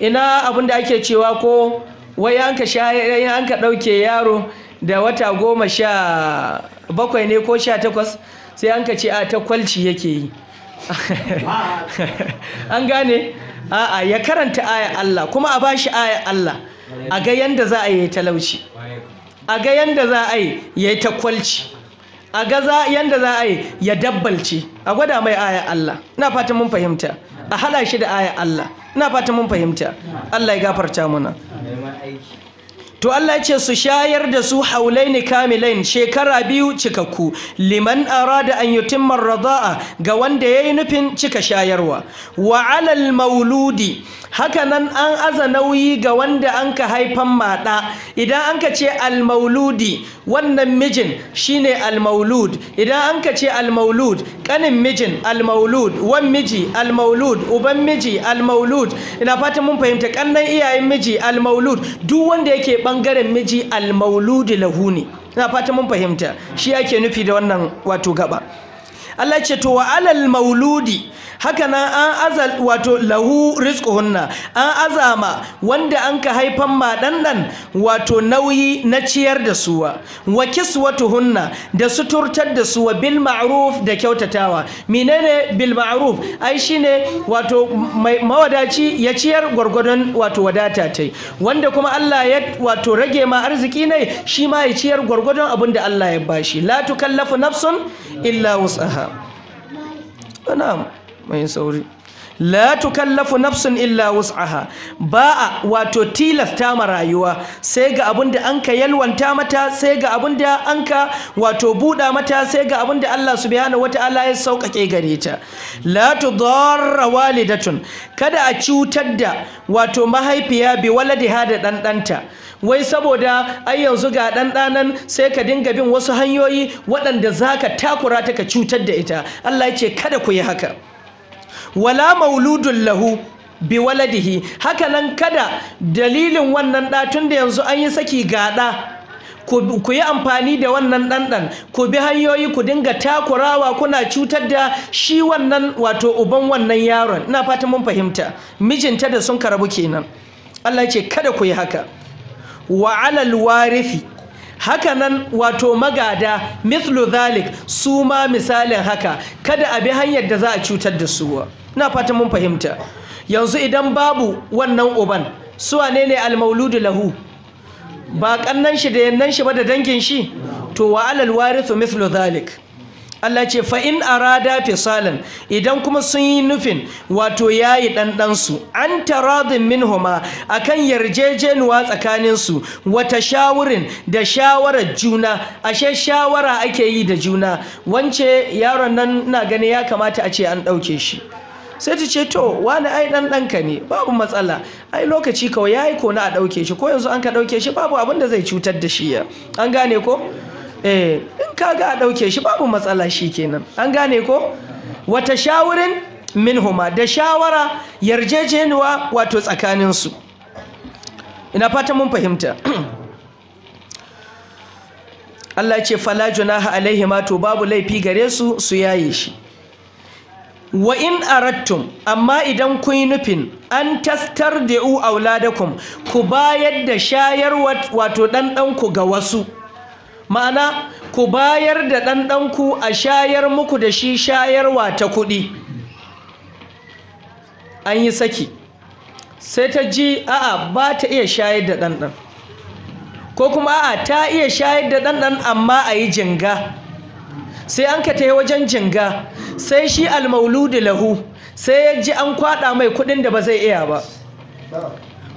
ina abin da ake cewa ko wai an ka shayar an ka ɗauke yaro da wata goma sha bakwai ne ko sha takwas sai an ka ce a ta kwalci yake yi an gane a'a ya karanta aya Allah kuma a bashi aya Allah a ga yanda za a yi talauci a ga yanda za a yi ya yi a gaza yanda za a yi ya dabbalce a gwada mai aya Allah ina fata mun fahimta a hada shi da aya Allah ina fata mun fahimta Allah ya gafarta muna to Allah ya ce su shayar da su haulaini kamilain shekara biyu cikakku liman arada an yutimma radaa ga wanda yayi nufin cika shayarwa wa alal mauludi hakanan an aza nauyi ga wanda an ka haifan maɗa idan an ka ce almauludi wannan mijin shine almaulud idan an ka ce almaulud kanin mijin almaulud wan miji almaulud uban miji almaulud ina fatan mun fahimta kannan iyayen miji almaulud duk wanda yake bangaren miji almauludi lahu ne ina fatan mun fahimta shi ake nufi da wannan wato gaba Allah ce to wa alal mauludi haka nan an azal wato lahu rizquhunna an azama wanda an ka haifan ma dandan wato nauyi na ciyar da suwa wa kiswatuhunna da suturtar da suwa bil ma'ruf da kyautatawa menene bil ma'ruf ai shine wato mawadaci ya ciyar gwargwadon wato wadata tai wanda kuma Allah ya wato rage ma arziki ne shi ma ya ciyar gwargwadon abin da Allah ya bashi la tukallafu nafsun illa wus'aha na'am mai la tukallafu nafsun illa wus'aha ba'a wato tilasta ma rayuwa sai ga abin da anka yalwanta mata sai ga abin da anka wato buda mata sai ga abin da Allah subhanahu wataala ya saukake gare ta la tudarra walidatun kada a cutar da wato mahaifiya bi waladiha da ɗanɗanta wai saboda ai yanzu ga dan danan sai ka dinga bin wasu hanyoyi waɗanda zaka takura ta ka cutar da ita Allah yace kada ku yi haka wala mauludun lahu bi waladihi haka nan kada dalilin wannan da tunda yanzu an yi saki gada ku yi amfani da wannan ɗanɗan ku bi hanyoyi ku dinga takurawa kuna cutar da shi wannan wato uban wannan yaron ina fatan mun fahimta mijinta da sun karabu kenan Allah ce kada ku yi haka wa alal warifi nan wato magada mithlu zalik su ma misalin haka kada a bi hanyar da za a cutar da su ina fata mun fahimta yanzu idan babu wannan uban su wane ne almauludu lahu ba kannan shi da yannan shi ba da dangin shi to wa alal warithu mithlu zalik Allah ce fa in arada fisalan idan kuma sun yi nufin wato yayi ɗanɗansu an taradin minhuma kan yarjejenuwa tsakaninsu wata shawurin da shawarar juna ashe shawara ake yi da juna wance yaron nan na gani ya kamata a ce an ɗauke shi sai ta ce to wani ai dan ne babu matsala ai lokaci kawai yayi ko na a ɗauke shi ko yanzu an ka ɗauke shi babu abin da zai cutar da shi ya an gane ko Eh, in kaga a ɗauke shi babu matsala shi kenan an gane ko wata shawurin minhuma da shawara yarjejeniwa wato tsakaninsu ina fata mun fahimta Allah ce fala junaha alaihima to babu laifi gare su su yaye shi wa in arattum amma idan kun yi nufin an tastar da u auladakum ku bayar da shayar wato dan ga wasu ma'ana ku bayar da ɗanɗanku a shayar muku da shi shayarwa ta kuɗi an yi saki sai ta ji a'a ba ta iya shayar da ɗanɗan ko kuma a'a ta iya shayar da ɗanɗan amma a yi jinga sai an ka yi wajen jinga sai shi almauludu lahu sai ya ji an kwaɗa mai kuɗin da ba zai iya ba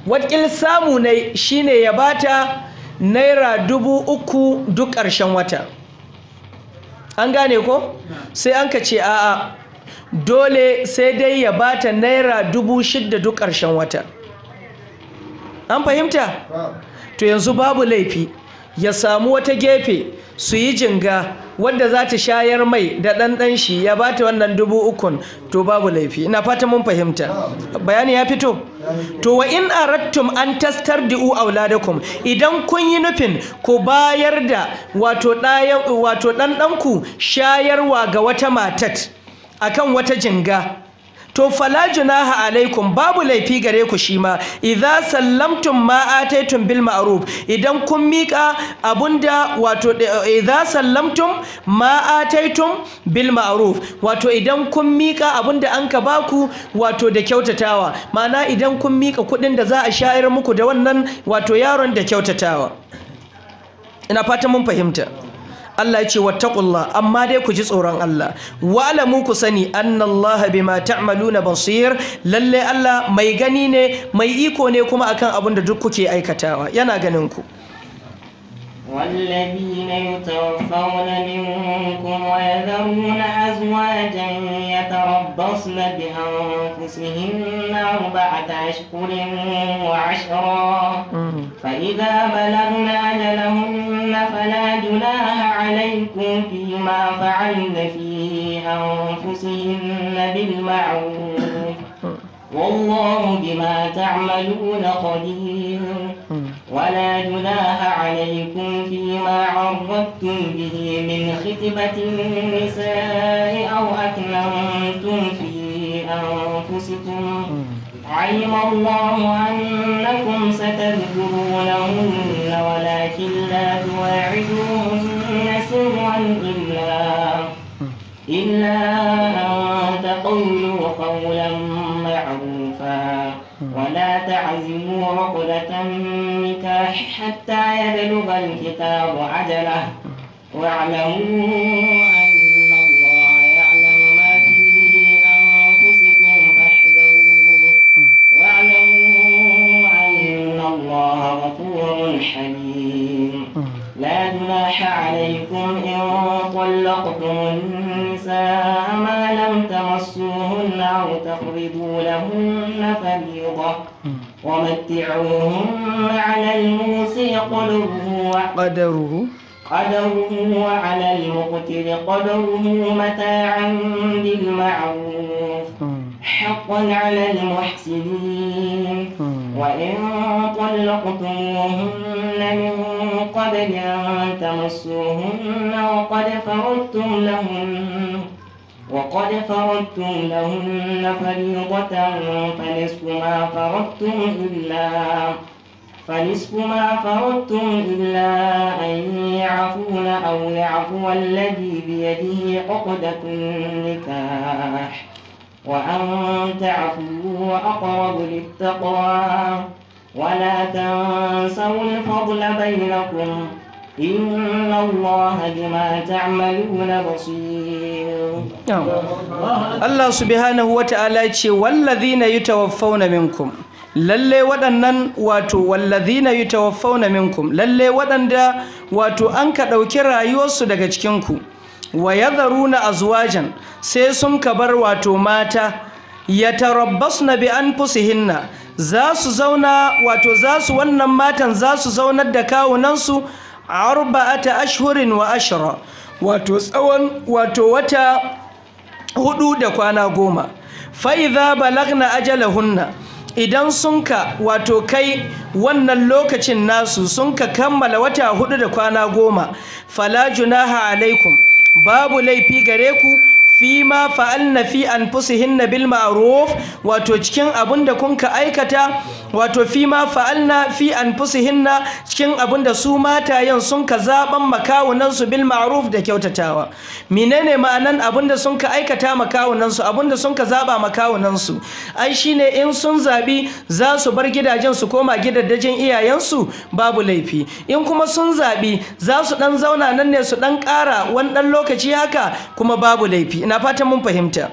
watkil samu ne shine ya bata naira dubu uku duk ƙarshen wata an gane ko sai an ka ce a'a dole sai dai ya bata naira dubu shida duk ƙarshen wata an fahimta to yanzu babu laifi ya samu wata gefe su yi jinga wadda za ta shayar mai da ɗanɗan shi ya ba ta wannan dubu ukun to babu laifi ina fata mun fahimta bayani ya fito to wa in arattum an tastar diu auladakum idan kun yi nufin ku bayar da wato ɗanɗanku shayarwa ga wata matat akan wata jinga to fala junaha alaikum babu laifi gare ku shi ma idza sallamtum ma ataitum bil ma'ruf idan kun mika abunda wato eh, idza sallamtum ma ataitum bil ma'ruf wato idan kun mika abunda anka baku wato da kyautatawa mana idan kun mika kudin da za a shayar muku da wannan wato yaron da kyautatawa ina fata mun fahimta Allah ya ce wattaqullah amma dai ku ji tsoron Allah wa alamu ku sani annallaha bima ta'maluna basir lalle Allah mai gani ne mai iko ne kuma akan abin da duk kuke aikatawa yana ganin ku والذين يتوفون منكم ويذرون أزواجا يتربصن بأنفسهن أربعة أشهر وعشرا فإذا بلغن أجلهن فلا جناح عليكم فيما فعلن في أنفسهن بالمعروف والله بما تعملون خبير ولا جناح عليكم طيبة النساء أو أكنتم في أنفسكم علم الله أنكم ستذكرونهن ولكن لا تواعدوهن سرا إلا إلا أن تقولوا قولا معروفا ولا تعزموا عقدة النكاح حتى يبلغ الكتاب عجله واعلموا أن الله يعلم ما في أنفسكم فاحذروه واعلموا أن الله غفور حليم لا جناح عليكم إن طلقتم النساء ما لم تمسوهن أو تقرضوا لهن فريضة ومتعوهن على الموسع قدره وقدره قدره وعلى المقتل قدره متاعا بالمعروف حقا على المحسنين وإن طلقتموهن من قبل أن تمسوهن وقد فرضتم لهن وقد فرضتم لهن فريضة فنصف ما فرضتم إلا فنصف ما فرضتم إلا أن يعفون أو يعفو الذي بيده عقدة النكاح وأن تعفوا أقرب للتقوى ولا تنسوا الفضل بينكم إن الله بما تعملون بصير نعم. الله سبحانه وتعالى والذين يتوفون منكم lalle waɗannan wato yi yutawaffawna minkum lalle waɗanda wato an ka ɗauki rayuwarsu daga cikinku wa yadharuna azwajan sai sun ka bar wato mata yatarabbasna bi anfusihinna za su zauna wato za su wannan matan za su zaunar da kawunansu arba'ata ashhurin wa ashra wato tsawon wato wata hudu da kwana goma fa idza balagna ajalahunna idan sun ka wato kai wannan lokacin nasu sun ka kammala wata hudu da kwana goma fala junaha alaikum babu laifi gare ku fima fa'alna fi anfusihinna bil ma'ruf wato cikin kun kunka aikata wato fima fa'alna fi anfusihinna cikin da su matayen sun ka zaban makawunan su bil ma'ruf da kyautatawa menene ma'anan da sun ka aikata makawunan su da sun ka zaba makawunan su ai shine in sun zaɓi za su bar gidajen su koma gidajen iyayen su babu laifi in kuma sun zabi za su dan zauna nan ne su dan ƙara wani dan lokaci haka kuma babu laifi na fatan mun fahimta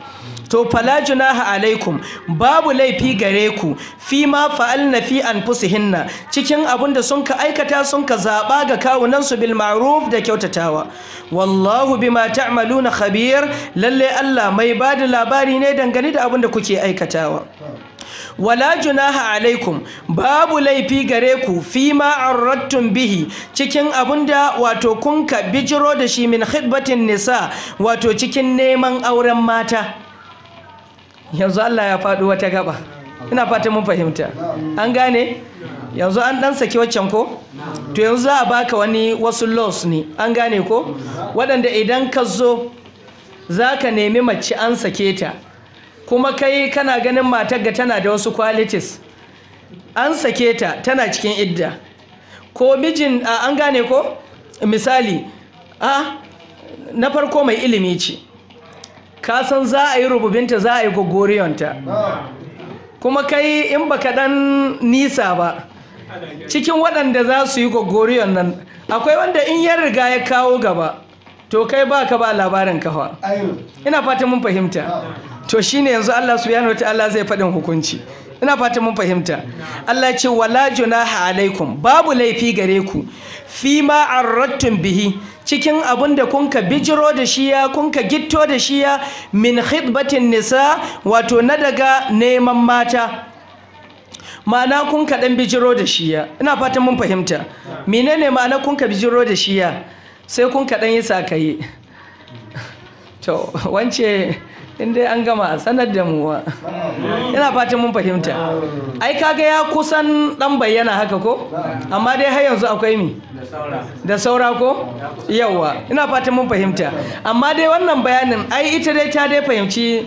to fala junaha alaikum babu laifi gare ku fi ma fa'alna fi anfusihinna cikin abin da sun ka aikata sun ka zaba ga kawunan su bil ma'ruf da kyautatawa wallahu bima ta'maluna khabir lalle Allah mai bada labari ne dangane da abin da kuke aikatawa wala junaha alaikum babu laifi gare ku fi ma arrattum bihi cikin abunda wato kun ka bijiro da shi min khidbatin nisa wato cikin neman auren mata yanzu Allah ya faɗi wata gaba ina fata mun fahimta an gane yanzu an dan saki waccan ko to yanzu za a baka wani wasu laws ne an gane ko waɗanda idan ka zo za ka nemi mace an sake ta kuma kai kana ganin matar ga tana da wasu qualities an sake ta tana cikin idda ko mijin an gane ko misali a na farko mai ilimi ce ka san za a yi rububinta za a yi gogoriyonta kuma kai in baka dan nisa ba cikin waɗanda za su yi gogoriyon nan akwai wanda in ya riga ya kawo gaba to kai ba ka ba labarin kafa ina fata mun fahimta to shine yanzu Allah subhanahu wataala zai faɗin hukunci ina fata mun fahimta Allah ce wala junaha alaikum babu laifi gare ku fima arrattum bihi cikin abin da kunka bijiro da shiya kunka gitto da shiya min khidbatin nisa wato na daga neman mata ma'ana kunka dan bijiro da shiya ina fata mun fahimta menene ma'ana kunka bijiro da shiya sai kunka dan yi sakaye to wance in dai an gama sanar da muwa yana fatan mun fahimta ai kaga ya kusan dan bayyana haka ko amma dai har yanzu akwai mi da saura ko yawa ina fatan mun fahimta amma dai wannan bayanin ai ita dai ta dai fahimci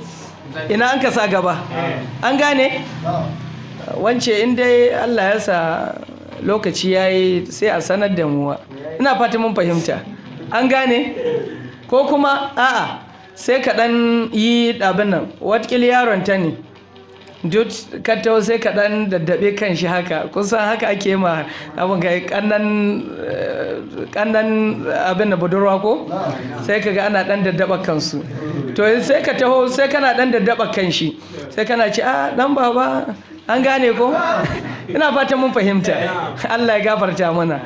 ina an kasa gaba an gane wance in dai Allah ya sa lokaci yayi sai a sanar da muwa, ina fatan mun fahimta an gane ko kuma a'a sai ka ɗan yi abin nan watakila yaron ta ne duk kattau sai ka ɗan daddaɓe kan shi haka kusan haka ake ma abin ga eh, ƙannan abin da budurwa ko sai ka ga ana ɗan daddaɓa kansu to sai ka taho sai kana ɗan daddaɓa kan shi sai kana ci a ah, dan baba an gane ko ina fata mun fahimta Allah ya gafarta mana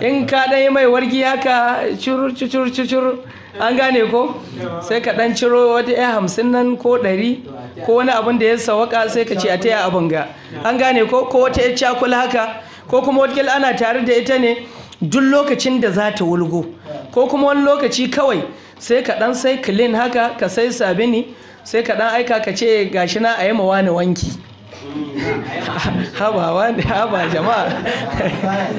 in ka ɗan yi mai wargi haka cur cur cur an gane ko sai ka ɗan ciro wata ya hamsin nan ko ɗari ko wani abin da ya sawaka sai ka ce a taya abin ga an gane ko ko wata ya cakula haka ko kuma wakil ana tare da ita ne duk lokacin da za ta wulgo ko kuma wani lokaci kawai sai ka ɗan sai clean haka ka sai sabini sai ka ɗan aika ka ce gashi na a yi wani wanki haba wani haba jama'a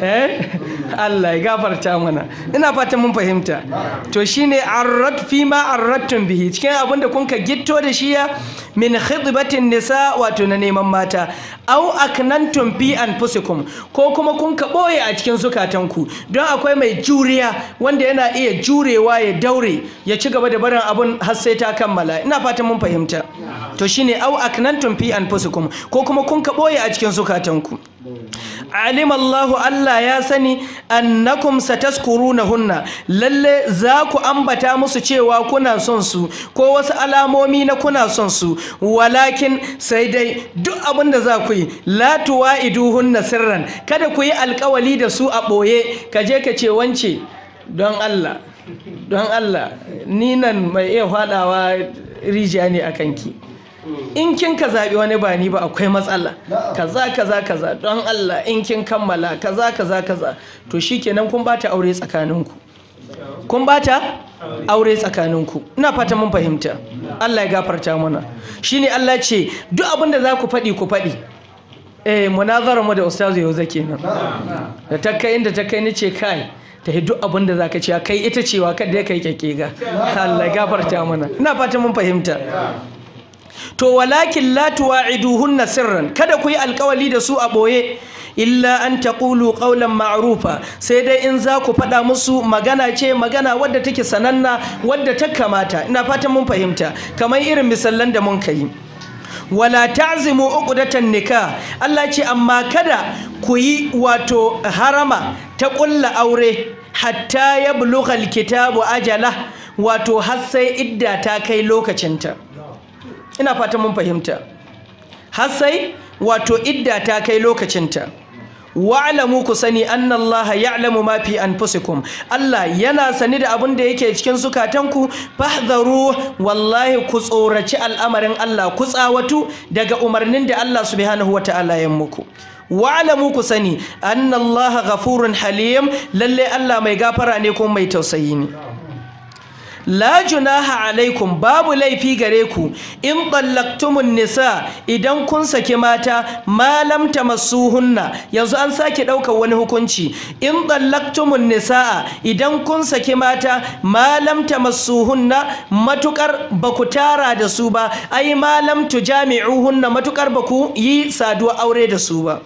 eh Allah ya gafarta mana ina fatan mun fahimta to shine arrat fi ma arratun bihi cikin abinda da kun ka gitto da shi ya min khidbatin nisa wato na neman mata au aknantum fi anfusikum ko kuma kun ka boye a cikin zukatanku don akwai mai juriya wanda yana iya jurewa ya daure ya ci gaba da barin abun har sai ta kammala ina fatan mun fahimta to shine au aknantum fi anfusikum ko kuma kun ka boye a cikin zukatanku alimallahu Allah ya sani annakum sataskuru na satazkurunahunna Lallai za ku ambata musu cewa kuna son su ko wasu alamomi na kuna son su walakin sai dai duk abin da za ku yi la tuwaiduhunna sirran kada ku yi alkawali da su a ɓoye, ka je ka ce wance don Allah don ni nan mai iya faɗawa rijiya ne a kanki?" in kin ka zaɓi wani ba ni ba akwai matsala kaza kaza kaza don Allah in kin kammala kaza kaza kaza to shikenan kun bata aure tsakaninku kun bata aure tsakaninku ina fata mun fahimta Allah ya gafarta mana shine Allah ce duk abin da za ku faɗi ku faɗi eh munazara mu da ustazu yau zake nan da ta kai inda ta kai ni ce kai ta yi duk abin da zaka ce kai ita cewa kada kai kyakkiga Allah ya gafarta mana ina fata mun fahimta to walakin la tuwa'iduhunna sirran kada ku yi alƙawali da su a boye illa an taqulu qawlan ma'rufa sai dai in za ku faɗa musu magana ce magana wadda take sananna wadda ta kamata ina fatan mun fahimta kamar irin misallan da mun kai wala ta'zimu uqdatan nikah Allah ce amma kada ku yi wato harama ta ƙulla aure hatta ya yablugha kitabu ajala wato har sai idda ta kai lokacinta ina fata mun fahimta har sai wato idda ta kai lokacinta wa'lamu ku sani annallaha ya'alamu mafi an anfusikum Allah yana sani da abin da yake cikin zukatanku fahzaru wallahi ku tsoraci al'amarin Allah ku tsawatu daga umarnin da Allah subhanahu ta’ala ya muku wa'lamu ku sani annallaha gafurun halim lallai Allah mai gafara ne kuma mai tausayi ne la junaha alaikum babu laifi gare ku in tallaqtumun nisa idan kun saki mata malam tamassuhunna yanzu an sake daukar wani hukunci in tallaqtumun nisaa idan kun saki mata malam tamassuhunna matukar baku tara da su ba ai malam tujami'uhunna matukar baku yi saduwa aure da su ba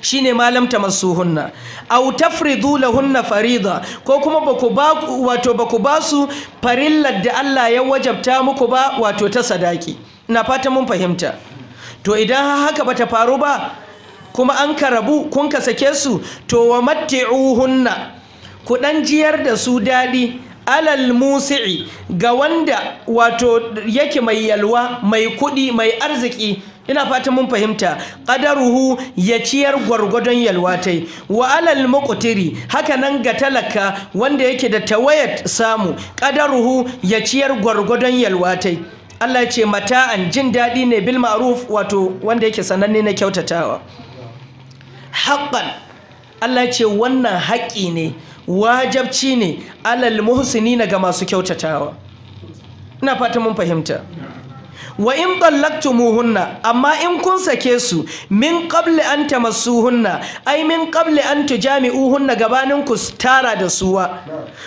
Shi shine malam tamassuhunna aw tafridu hunna farida ko kuma ba ku ba su farillar da Allah ya wajabta muku ba wato ta sadaki ina fata mun fahimta to idan haka ba ta faru ba kuma an karabu kun ka sake su to wa hunna, ku dan jiyar da su dadi alal musi'i ga wanda wato yake mai yalwa mai kudi mai arziki ina fatan mun fahimta qadaruhu ya ciyar gwargwadon yalwatai wa alal muqtiri haka nan ga talaka wanda yake da tawayar samu ƙadaruhu ya ciyar gwargwadon yalwatai Allah ya ce mata'an jin daɗi ne bil ma'ruf wato wanda yake sananne na kyautatawa haqqan Allah ya ce wannan haƙƙi ne wajabci ne alal muhsinina ga masu kyautatawa ina fatan mun fahimta wa in hunna, amma in kun sake su min qabli an tamassuhunna ai min qabli an tujami'uhunna gabanin ku tara da suwa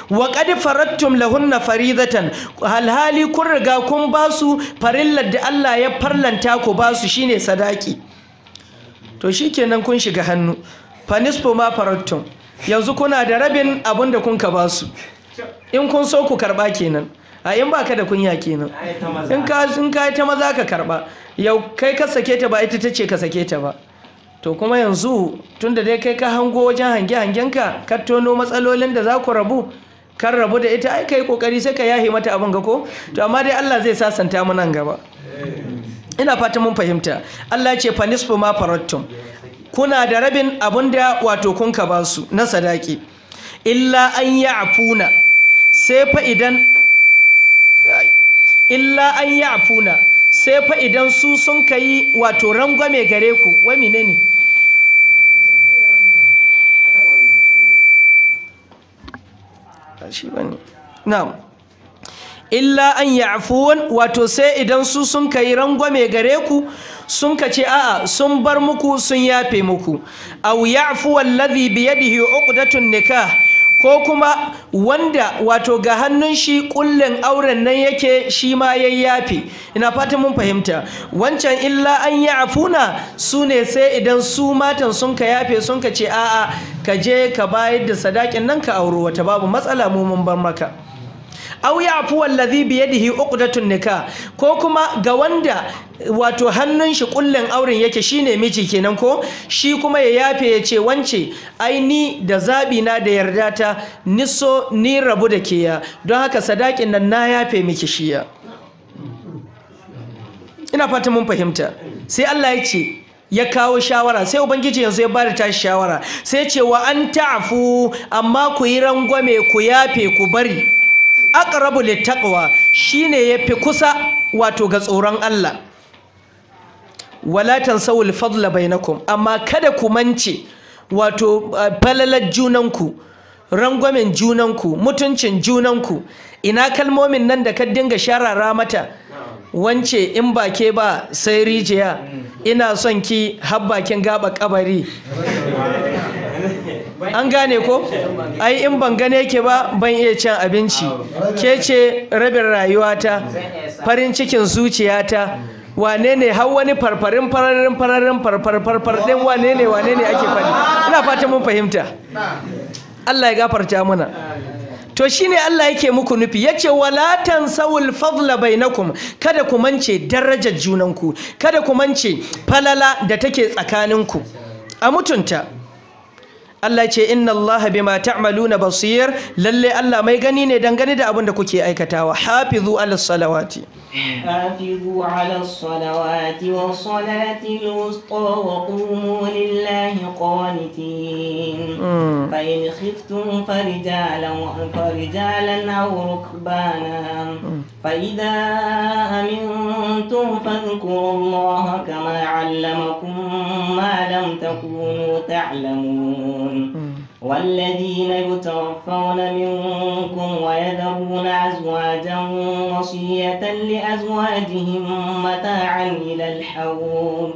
wa qad farattum lahunna faridatan halhali kun riga kun basu farillar da Allah ya farlanta ku basu shine sadaki to shikenan kun shiga hannu fanispo ma farattum yanzu kuna da rabin abin da kun ka basu in kun so ku karba kenan a in baka da kunya kenan in ka in ka ta maza ka karba yau kai ka sake ta ba ita tace ka sake ta ba to kuma yanzu tunda dai kai ka hango wajen hange hangen ka Ka tono matsalolin da za ku rabu kan rabu da ita ai kai kokari sai ka yahi mata abin ga ko to amma dai Allah zai sasanta mu nan gaba ina fata mun fahimta Allah ce fa nisfu ma farattum kuna da rabin abinda wato kun ka basu na sadaki illa an ya'funa sai fa idan kai illa an yi afuna sai fa idan su sun yi wato rangwame gare ku wai ne ne illa an afuwan wato sai idan su sun yi rangwame gare ku sun ka ce a'a sun bar muku sun yafe muku aw ya'fu allazi bi uku uqdatun nikah ko kuma wanda wato ga hannun shi kullin auren nan yake shi ma yayyafi ina fatan mun fahimta wancan illa an yi afuna su ne sai idan su matan sun ka yafe sun ka ce a'a ka je ka bayar da sadakin nan ka auro wata babu matsala mu mun bar maka aw yafu wallazi biyadihi uqdatun nikah ko kuma ga wanda wato hannun shi kullun auren yake shine miji kenan ko shi kuma ya yafe ya ce wance ai ni da zaɓi na da yarda ta niso ni rabu da ke ya don haka sadakin nan na yafe miki shi ya. ina fata mun fahimta sai Allah ya ce ya kawo shawara sai ubangiji yanzu ya bada tashi shawara sai ce wa an ta'fu amma ku yi rangwame ku yafe ku bari aqrabu littaqwa shine yafi kusa wato ga tsoron Allah wala tansawu alfadla bainakum amma kada ku mance wato uh, falalar junanku rangwamen junanku mutuncin junanku ina kalmomin nan da ka dinga sharara mata wance in ba ke ba sai rijiya ina son ki har bakin gaba kabari an gane ko ai in ban gane ke ba ban iya cin abinci ke ce rabin rayuwata farin cikin zuciyata wane ne har wani farfarin fararin fararin farfar farfar din wane ne wane ne ake fadi ina fata mun fahimta Allah ya gafarta mana to shine Allah yake muku nufi yace wala sawul fadla bainakum kada ku mance darajar junanku kada ku mance falala da take tsakaninku a mutunta Allah ce inna Allah bima ta'maluna basir lalle Allah mai gani ne dangane da abin da kuke aikatawa hafizu ala salawati hafizu ala salawati wa salati al-wusta wa qumu lillahi qanitin fa in khiftum farijalan wa farijalan aw rukbana fa idza amintum fadhkuru Allah kama 'allamakum ma lam takunu ta'lamun والذين يتوفون منكم ويذرون أزواجا وصية لأزواجهم متاعا إلى الحول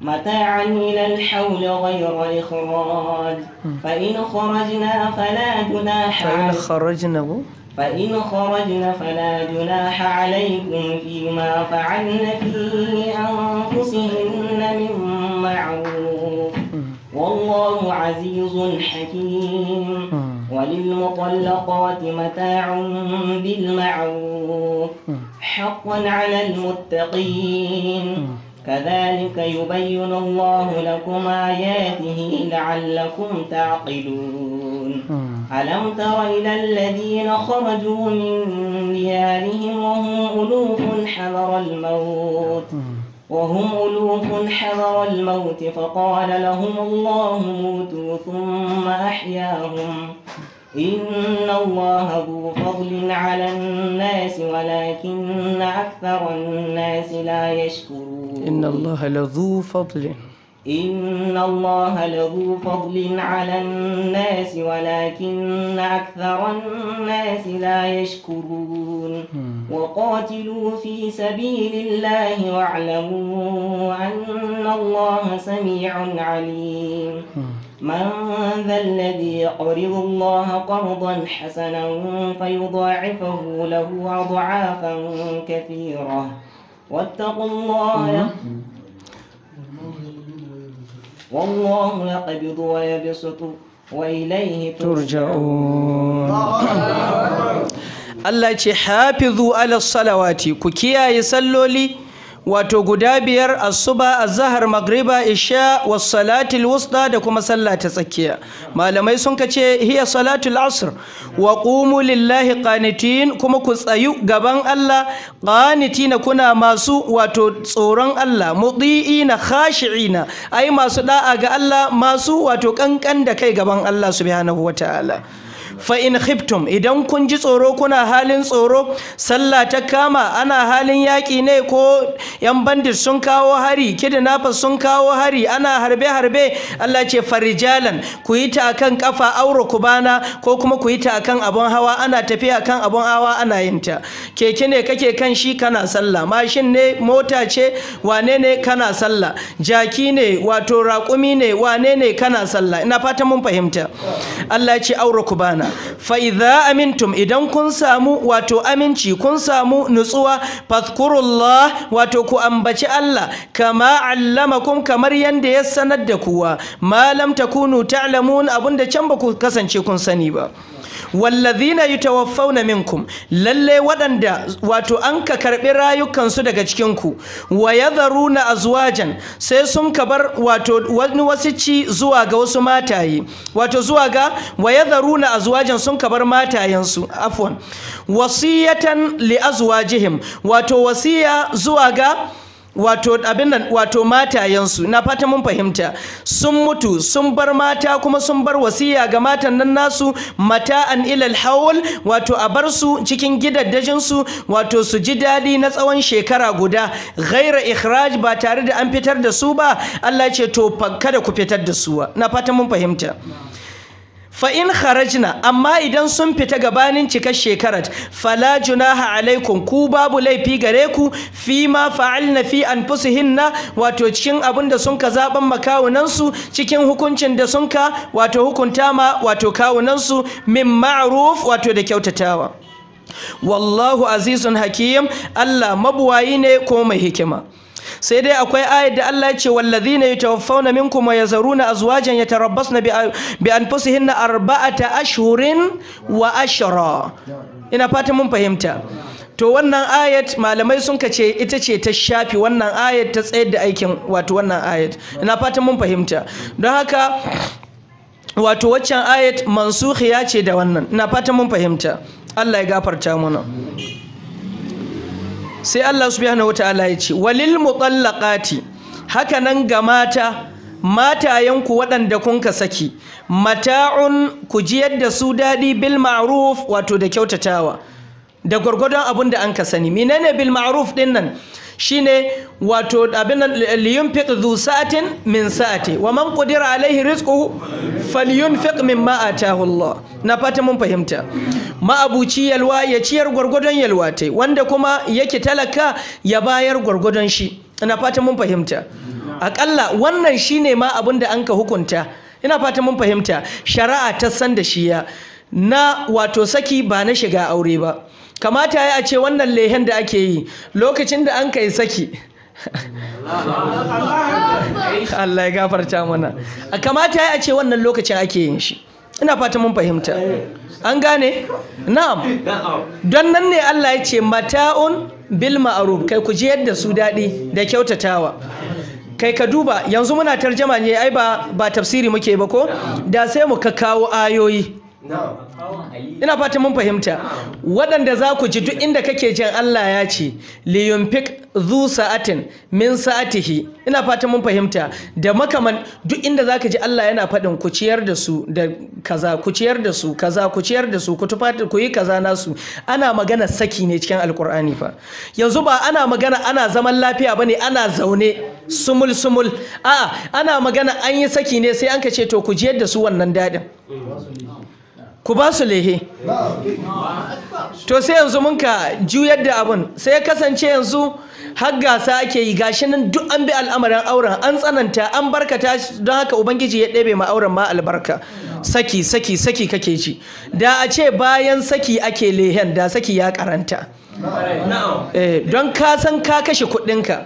متاعا إلى الحول غير إخراج فإن خرجنا فلا جناح فإن خرجنا فإن خرجنا فلا جناح عليكم فيما فعلن في أنفسهن من معروف والله عزيز حكيم وللمطلقات متاع بالمعروف حقا على المتقين كذلك يبين الله لكم آياته لعلكم تعقلون ألم تر إلى الذين خرجوا من ديارهم وهم ألوف حذر الموت وهم ألوف حذر الموت فقال لهم الله موتوا ثم أحياهم إن الله ذو فضل على الناس ولكن أكثر الناس لا يشكرون إن الله لذو فضل إن الله لذو فضل على الناس ولكن أكثر الناس لا يشكرون وقاتلوا في سبيل الله واعلموا أن الله سميع عليم من ذا الذي يقرض الله قرضا حسنا فيضاعفه له أضعافا كثيرة واتقوا الله والله يقبض ويبسط وإليه ترجعون الله يقول حافظوا على الصلوات كي يصلوا لي wato guda biyar asuba zahar magriba isha wa salatul wusta da kuma sallah ta tsakiya malamai sun kace hiya salatul asr wa qumu lillahi qanitin kuma ku tsayu gaban Allah qanitina kuna masu wato tsoron Allah mudiina khashiina ai masu da'a ga Allah masu wato kankan da kai gaban Allah subhanahu wataala fa in khiftum idan kun ji tsoro kuna halin tsoro sallah ta kama ana halin yaƙi ne ko yan bandit sun kawo hari kidnapper sun kawo hari ana harbe harbe Allah ce farijalan ku yi ta akan kafa auro bana, ko kuma ku yi ta akan abun hawa ana tafiya kan abun hawa ana yin ta keke ne kake kan shi kana sallah mashin ne mota ce wane ne kana sallah jaki ne wato raƙumi ne wane ne kana sallah ina fata mun fahimta Allah ya ce auro bana. fa amintum idan kun samu wato aminci kun samu nutsuwa fadhkurullah wato ku ambaci Allah kama allamakum kamar yanda ya sanar da kuwa ma lam takunu ta'lamun abunda can ba ku kasance kun sani ba wallazina yatawaffawna minkum lalle waɗanda wato an ka karɓi rayukansu daga cikin ku wa na azwajan sai sun ka bar wato wani ci zuwa ga wasu mataye wato zuwa ga wa yadharuna azwajan sun ka bar matayensu afwan wasiyatan li azwajihim wato wasiya zuwa ga wato abin nan wato matayensu na fata mun fahimta sun mutu sun bar mata kuma sun bar wasiya ga matan nan nasu mata'an ilal hawl wato a bar su cikin gidaddajin su wato su ji dadi na tsawon shekara guda ghaira ikhraj ba tare da an fitar da su ba Allah ce to kada ku fitar da su na fata mun fahimta fa in kharajna amma idan sun fita gabanin cikar shekarat fala junaha alaikum ku babu laifi gare ku fi ma fa'alna fi anfusihinna wato cikin abin da sun ka zaben makawunan su cikin hukuncin da sun ka wato hukunta ma wato kawunan su min ma'ruf wato da kyautatawa wallahu azizun hakim Allah mabuwayi ne ko mai hikima sai dai akwai ayat da Allah ya ce wallazina yatawaffawna minkum wa yazaruna azwajan yatarabbasna bi anfusihinna arba'ata ashhurin wa ashra ina fatan mun fahimta to wannan ayat malamai sun kace ita ce ta shafi wannan ayat ta tsayar da aikin wato wannan ayat ina fatan mun fahimta don haka wato waccan ayat mansukhiya ce da wannan ina fatan mun fahimta Allah ya gafarta mana sai Allah subhanahu wataala ya ce walil mutallaqati haka nan ga mata matayenku waɗanda kun ka saki mata'un ku jiyar da su daɗi bil ma'ruf wato da kyautatawa da gwargwadon abin da an ka sani menene bil ma'ruf ɗin nan shine wato abin nan liyunfiq zu sa'atin min sa'ati wa man qudira alaihi rizquhu falyunfiq mimma atahu Allah na fata mun fahimta ma'abuci yalwa ya ciyar gwargwadon yalwa tai wanda kuma yake talaka ya bayar gwargwadon shi ina fata mun fahimta akalla wannan shine ma abin da anka hukunta ina fata mun fahimta shari'a ta san da shi na wato saki ba na shiga aure ba kamata ya ce wannan lehen da ake yi lokacin da an kai saki Allah ya gafarta mana kamata ya ce wannan lokacin ake yin shi ina fata mun fahimta an gane na'am don nan ne Allah ya ce mata'un bil ma'ruf kai ku je yadda su daɗi da kyautatawa kai ka duba yanzu muna tarjama ne ai ba ba tafsiri muke ba ko da sai mu ka kawo ayoyi ina fata mun fahimta waɗanda za ku ji duk inda kake jin Allah ya ce liyumfik zu sa'atin min sa'atihi ina fata mun fahimta da makaman duk inda za ka ji Allah yana faɗin ku ciyar da su da kaza ku ciyar da su kaza ku ciyar da su ku tufatar ku yi kaza nasu ana magana saki ne cikin alkur'ani fa yanzu ba ana magana ana zaman lafiya ba ne ana zaune sumul sumul a'a ana magana an yi saki ne sai an ka ce to ku jiyar da su wannan dadin mm. ku ba su lehe to sai yanzu mun ka juyar da abun. sai ya kasance yanzu har gasa ake yi gashi nan duk an bi al'amarin auren an tsananta an barkata don haka ubangiji ya ɗebe ma auren ma albarka saki saki saki kake ji da a ce bayan saki ake lehen da saki ya karanta eh, don ka san ka kashe kuɗinka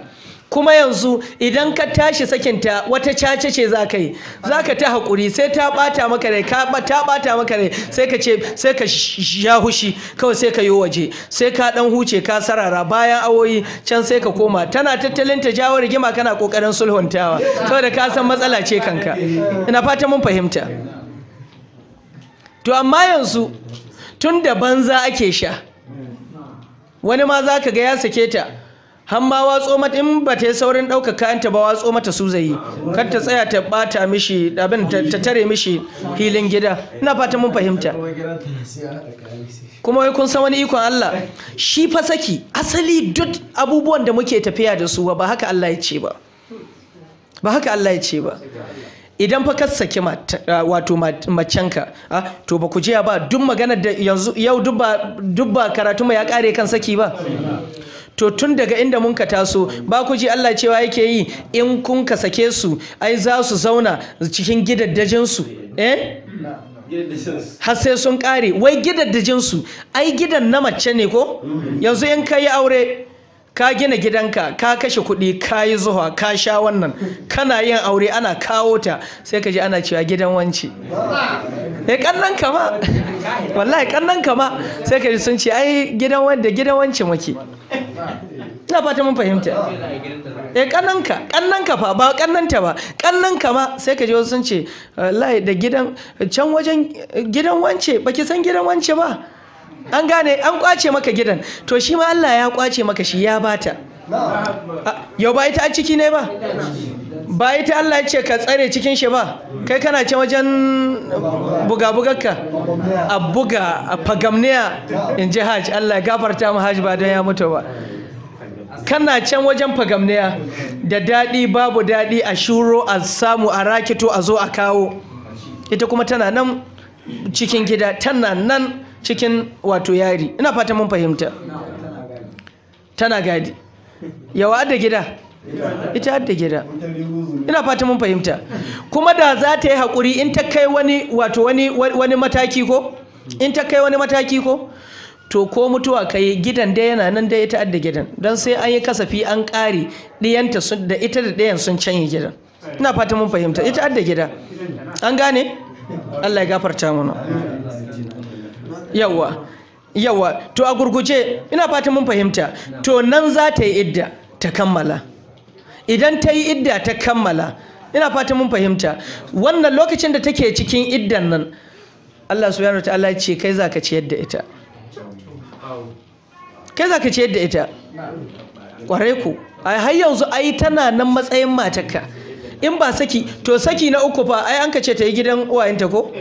kuma yanzu idan ka tashi sakinta wata cace ce za ka yi za ka ta haƙuri sai ta ɓata maka rai ta ɓata maka rai sai ka ce sai ka sha hushi kawai sai ka yi waje sai ka ɗan huce ka sarara bayan awoyi can sai ka koma tana tattalin ta jawo rigima kana ƙoƙarin sulhuntawa saboda ka san matsala ce kanka ina fata mun fahimta to amma yanzu tun da banza ake sha wani ma za ka ga ya sake ta har ma watso mata in ba ta yi saurin ɗaukar kayanta ba watso mata su zai yi. kar ta tsaya ta ɓata mishi abin ta tare mishi filin gida ina fata mun fahimta kuma wai kun san wani ikon Allah shi fa saki asali duk abubuwan da muke tafiya da su ba haka Allah ya ce ba ba haka Allah ya ce ba idan fa ka saki wato macenka to ba ku jiya ba duk maganar da yanzu yau duk ba karatu mai ya kare kan saki ba to tun daga inda mun ka taso ba ku ji Allah cewa yake yi in kun ka sake su ai za su zauna cikin gidaddajin su eh sai sun kare wai gidaddajin su ai gidan na mace ne ko yanzu in kai aure ka gina gidanka ka kashe kuɗi ka yi zuwa ka sha wannan kana yin aure ana kawo ta sai ka ji ana cewa gidan wance ya eh, kannan ka ma wallahi kannan ka ma sai ka ji sun ce ai gidan wanda gidan wance muke ina fata mun fahimta ya eh, kannan ka kannan ka fa ba kannan ta ba kannan ka ma sai ka ji wasu sun ce wallahi da gidan can wajen gidan wance baki san gidan wance ba an gane an kwace maka gidan to shi ma Allah ya kwace maka shi ya bata yau ba ita a ciki ne ba ba ita Allah ya ce ka tsare cikin shi ba kai kana ce wajen buga-bugarka a buga a fagamniya in ji hajj Allah ya gafarta mu hajj ba don ya mutu ba kana can wajen fagamniya da daɗi babu daɗi a shuro a samu a rakito a zo a kawo ita kuma tana nan cikin gida tana nan cikin wato yari ina fata mun fahimta tana gadi yawa da gida ita adda gida ina fata mun fahimta kuma da za ta yi haƙuri in ta kai wani wato wani wani mataki ko in ta kai wani mataki ko to ko mutuwa kai gidan dai yana nan dai ita adda gidan don sai an yi kasafi an ƙare ɗiyanta da ita da ɗayan sun canye gidan ina fata mun fahimta ita adda gida an gane Allah ya gafarta mana yawa yawa to a gurguje ina fatan mun fahimta to nan za ta yi idda ta kammala idan ta yi idda ta kammala ina fatan mun fahimta wannan lokacin da take cikin iddan nan Allah subhanahu ta'ala ce kai za ka ciyar da ita kai za ka ciyar da ita kwarai ku har yanzu ai tana nan matsayin matarka in ba saki to saki na uku fa ai an ka ce ta yi gidan uwayenta ko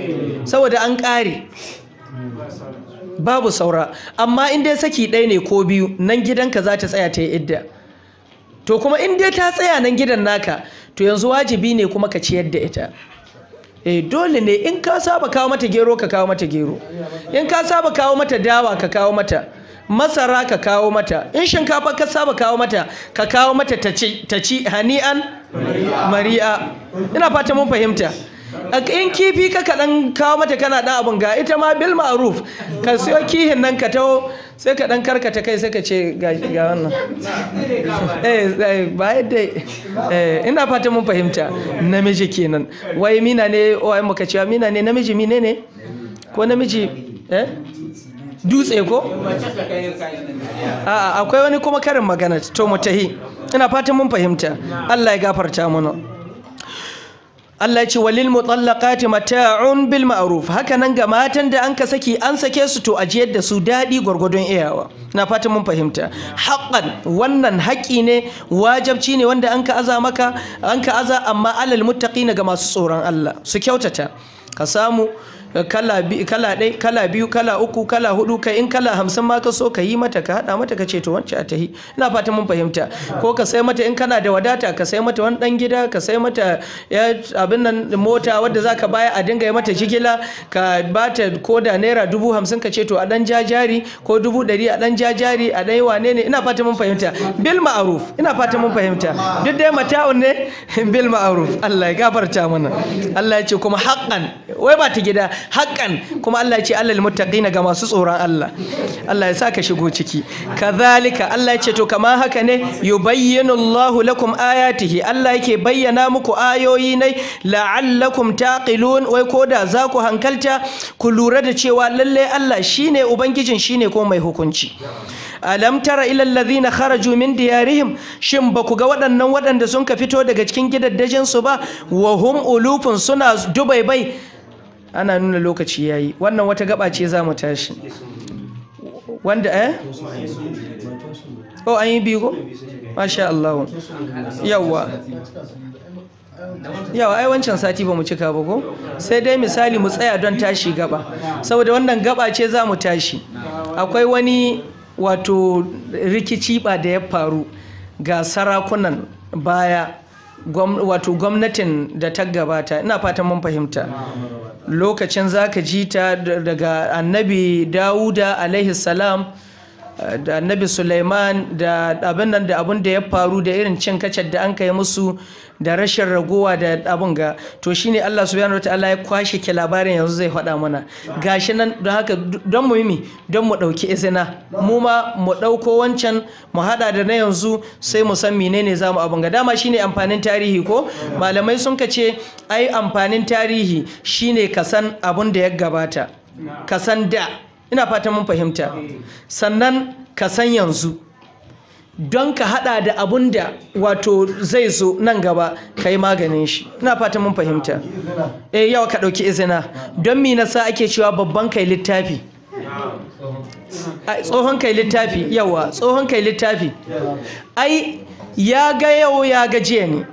saboda an ƙare babu saura amma in dai saki ɗaya ne ko biyu nan gidanka za ta tsaya ta yi idda to kuma in dai ta tsaya nan gidan naka to yanzu wajibi ne kuma ka ciyar da ita e dole ne in ka saba kawo mata gero ka kawo mata gero in ka saba kawo mata dawa ka kawo mata masara ka kawo mata in shinkafa ka saba kawo mata ka kawo mata ta ci hani'an mari'a ina fata mun fahimta in kifi ka kaɗan kawo mata kana ɗan abin ga ita ma bil ma'ruf ka siyo kihin nan ka taho sai ka ɗan karkata kai sai ka ce ga wannan eh, eh, ba yadda eh, ina fata mun fahimta namiji kenan wai mina ne wai muka cewa mina ne namiji mine ne ko namiji dutse ko a'a akwai wani kuma karin magana to mutahi ina fatan mun fahimta Allah ya gafarta mana Allah ya ce walil mutallaqati mata'un bil ma'ruf haka nan ga matan da an ka saki an sake su to ajiyar da su dadi gurgudun iyawa na fata mun fahimta haqqan wannan haƙi ne wajabci ne wanda an ka aza maka an ka aza amma alal muttaqina ga masu tsoron Allah su kyautata ka samu Eh, kala ɗai kala biyu kala uku kala hudu kai in kala hamsin ma ka so ka yi mata ka haɗa mata ka ce to wancan a tahi ina fata mun fahimta ko ka sai mata in kana da wadata ka sai mata wani ɗan gida ka sai mata abin nan mota wadda za ka baya a dinga yi mata jigila ka ba ta ko da naira dubu hamsin ka ce to a ɗan jajari ko dubu ɗari a ɗan jajari a ɗan wane ne ina fata mun fahimta bil ma'aruf ina fata mun fahimta duk dai mata'un ne bil ma'aruf Allah ya gafarta mana Allah ya ce kuma haƙƙan wai ba ta gida haqqan kuma Allah ya ce allal muttaqin ga masu tsoron Allah Allah ya sa ka shigo ciki kadhalika Allah ya ce to kamar haka ne yubayyinu Allahu lakum ayatihi Allah yake bayyana muku ayoyi ne la'allakum taqilun wai koda za ku hankalta ku lura da cewa lalle Allah shine ubangijin shine ko mai hukunci alam tara ila alladhina kharaju min diyarihim shin baku ga waɗannan waɗanda sun ka fito daga cikin gidaddajin su ba wa hum ulufun suna dubai bai ana nuna lokaci yayi wannan wata gaba ce za mu tashi wanda eh oh an yi biyu masha Allah yawwa yawa ai wancan sati ba mu cika ba ko sai dai misali mu tsaya don tashi gaba saboda wannan gaba ce za mu tashi akwai wani wato rikici ba da ya faru ga sarakunan baya wato gwamnatin da ta gabata ina fatan mun fahimta lokacin zaka ji ta daga annabi dawuda alaihi salam eh, da annabi suleiman da abin nan da abin da ya faru da irin cin kacar da an kai musu da rashin ragowa da abin ga to shine Allah subhanahu ta'ala ya kwashe ke labarin yanzu zai faɗa mana gashi nan don haka don mu yi don mu ɗauki izina mu ma mu ɗauko wancan mu haɗa da na yanzu sai mu san menene za mu abin ga dama shine amfanin tarihi ko malamai sun ka ce ai amfanin tarihi shine ka san abin da ya gabata ka san da ina fatan mun fahimta sannan ka san yanzu don ka hada da abun da wato zai zo nan gaba ka yi maganin shi ina fata mun fahimta eh yawa ka dauki izina don mi nasa ake cewa babban kai littafi tsohon kai littafi yawa tsohon kai littafi ai ya ga yau ya gajiya ne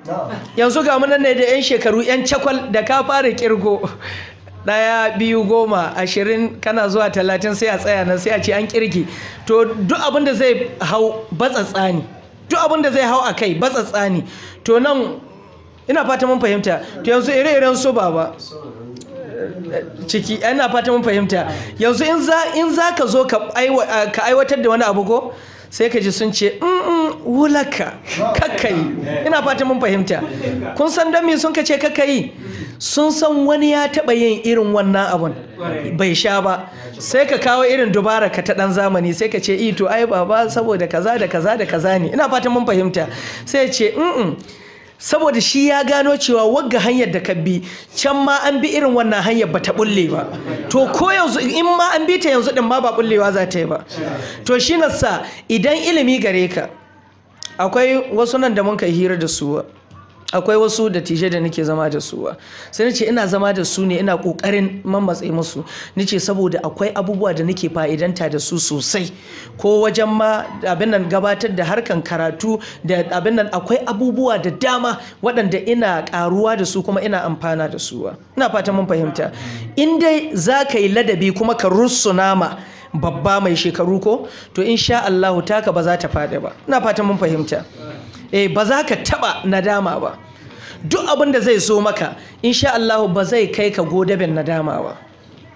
yanzu ga munan ne da 'yan shekaru 'yan cakwal da ka fara kirgo ɗaya biyu goma ashirin kana zuwa talatin sai a tsaya nan sai a ce an kirki to duk abin da zai hau batsatsa ne duk abin da zai hau a kai batsatsa ne to nan ina fata mun fahimta to yanzu ire-iren su baba ciki ina fata mun fahimta yanzu in za ka zo ka aiwatar da wani abu ko sai ka ji sun ce wulaka kakayi ina fata mun fahimta kun san don me sun ka ce kakayi sun san wani ya taɓa yin irin wannan abun bai sha ba sai ka kawo irin dubara ka ta ɗan zamani sai ka ce ito ai baba saboda kaza da kaza da kaza ne ina fata mun fahimta sai ce saboda shi ya gano cewa wagga hanyar da ka bi can ma an bi irin wannan hanyar ba ta bulle ba to ko yanzu in ma an bi ta yanzu din ma ba bullewa za ta yi ba to shi nasa idan ilimi gare ka akwai wasu nan da mun kai hira da su akwai wasu dattijai da nake zama da su ba sai nace ina zama da su ne ina kokarin mammatse musu nace saboda akwai abubuwa da nake fa'idanta da su sosai ko wajen ma abin nan gabatar da harkan karatu da abin nan akwai abubuwa da dama waɗanda ina karuwa da su kuma ina amfana da su ina fata mun fahimta in dai za ka yi ladabi kuma ka rusu nama, babba mai shekaru ko to insha Allahu taka ba za ta faɗi ba ina fata mun fahimta eh ba za ka taɓa nadama ba duk abin da zai so maka insha Allah ba zai kai ka godabin nadama ba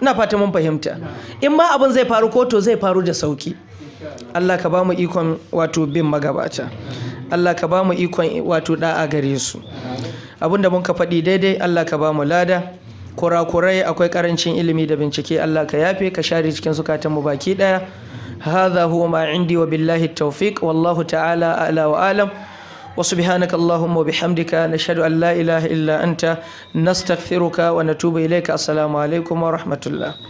ina fata mun fahimta in ma abin zai faru ko to zai faru da sauki Allah ka ba ikon wato bin magabata Allah ka ba mu ikon wato a gare su abinda mun ka faɗi daidai Allah ka bamu mu lada kurakurai akwai karancin ilimi da bincike Allah ka yafe ka share cikin zukatan mu baki daya hadha huwa ma indi wa billahi tawfiq wallahu ta'ala a'la wa alam وسبحانك اللهم وبحمدك نشهد أن لا إله إلا أنت نستغفرك ونتوب إليك السلام عليكم ورحمة الله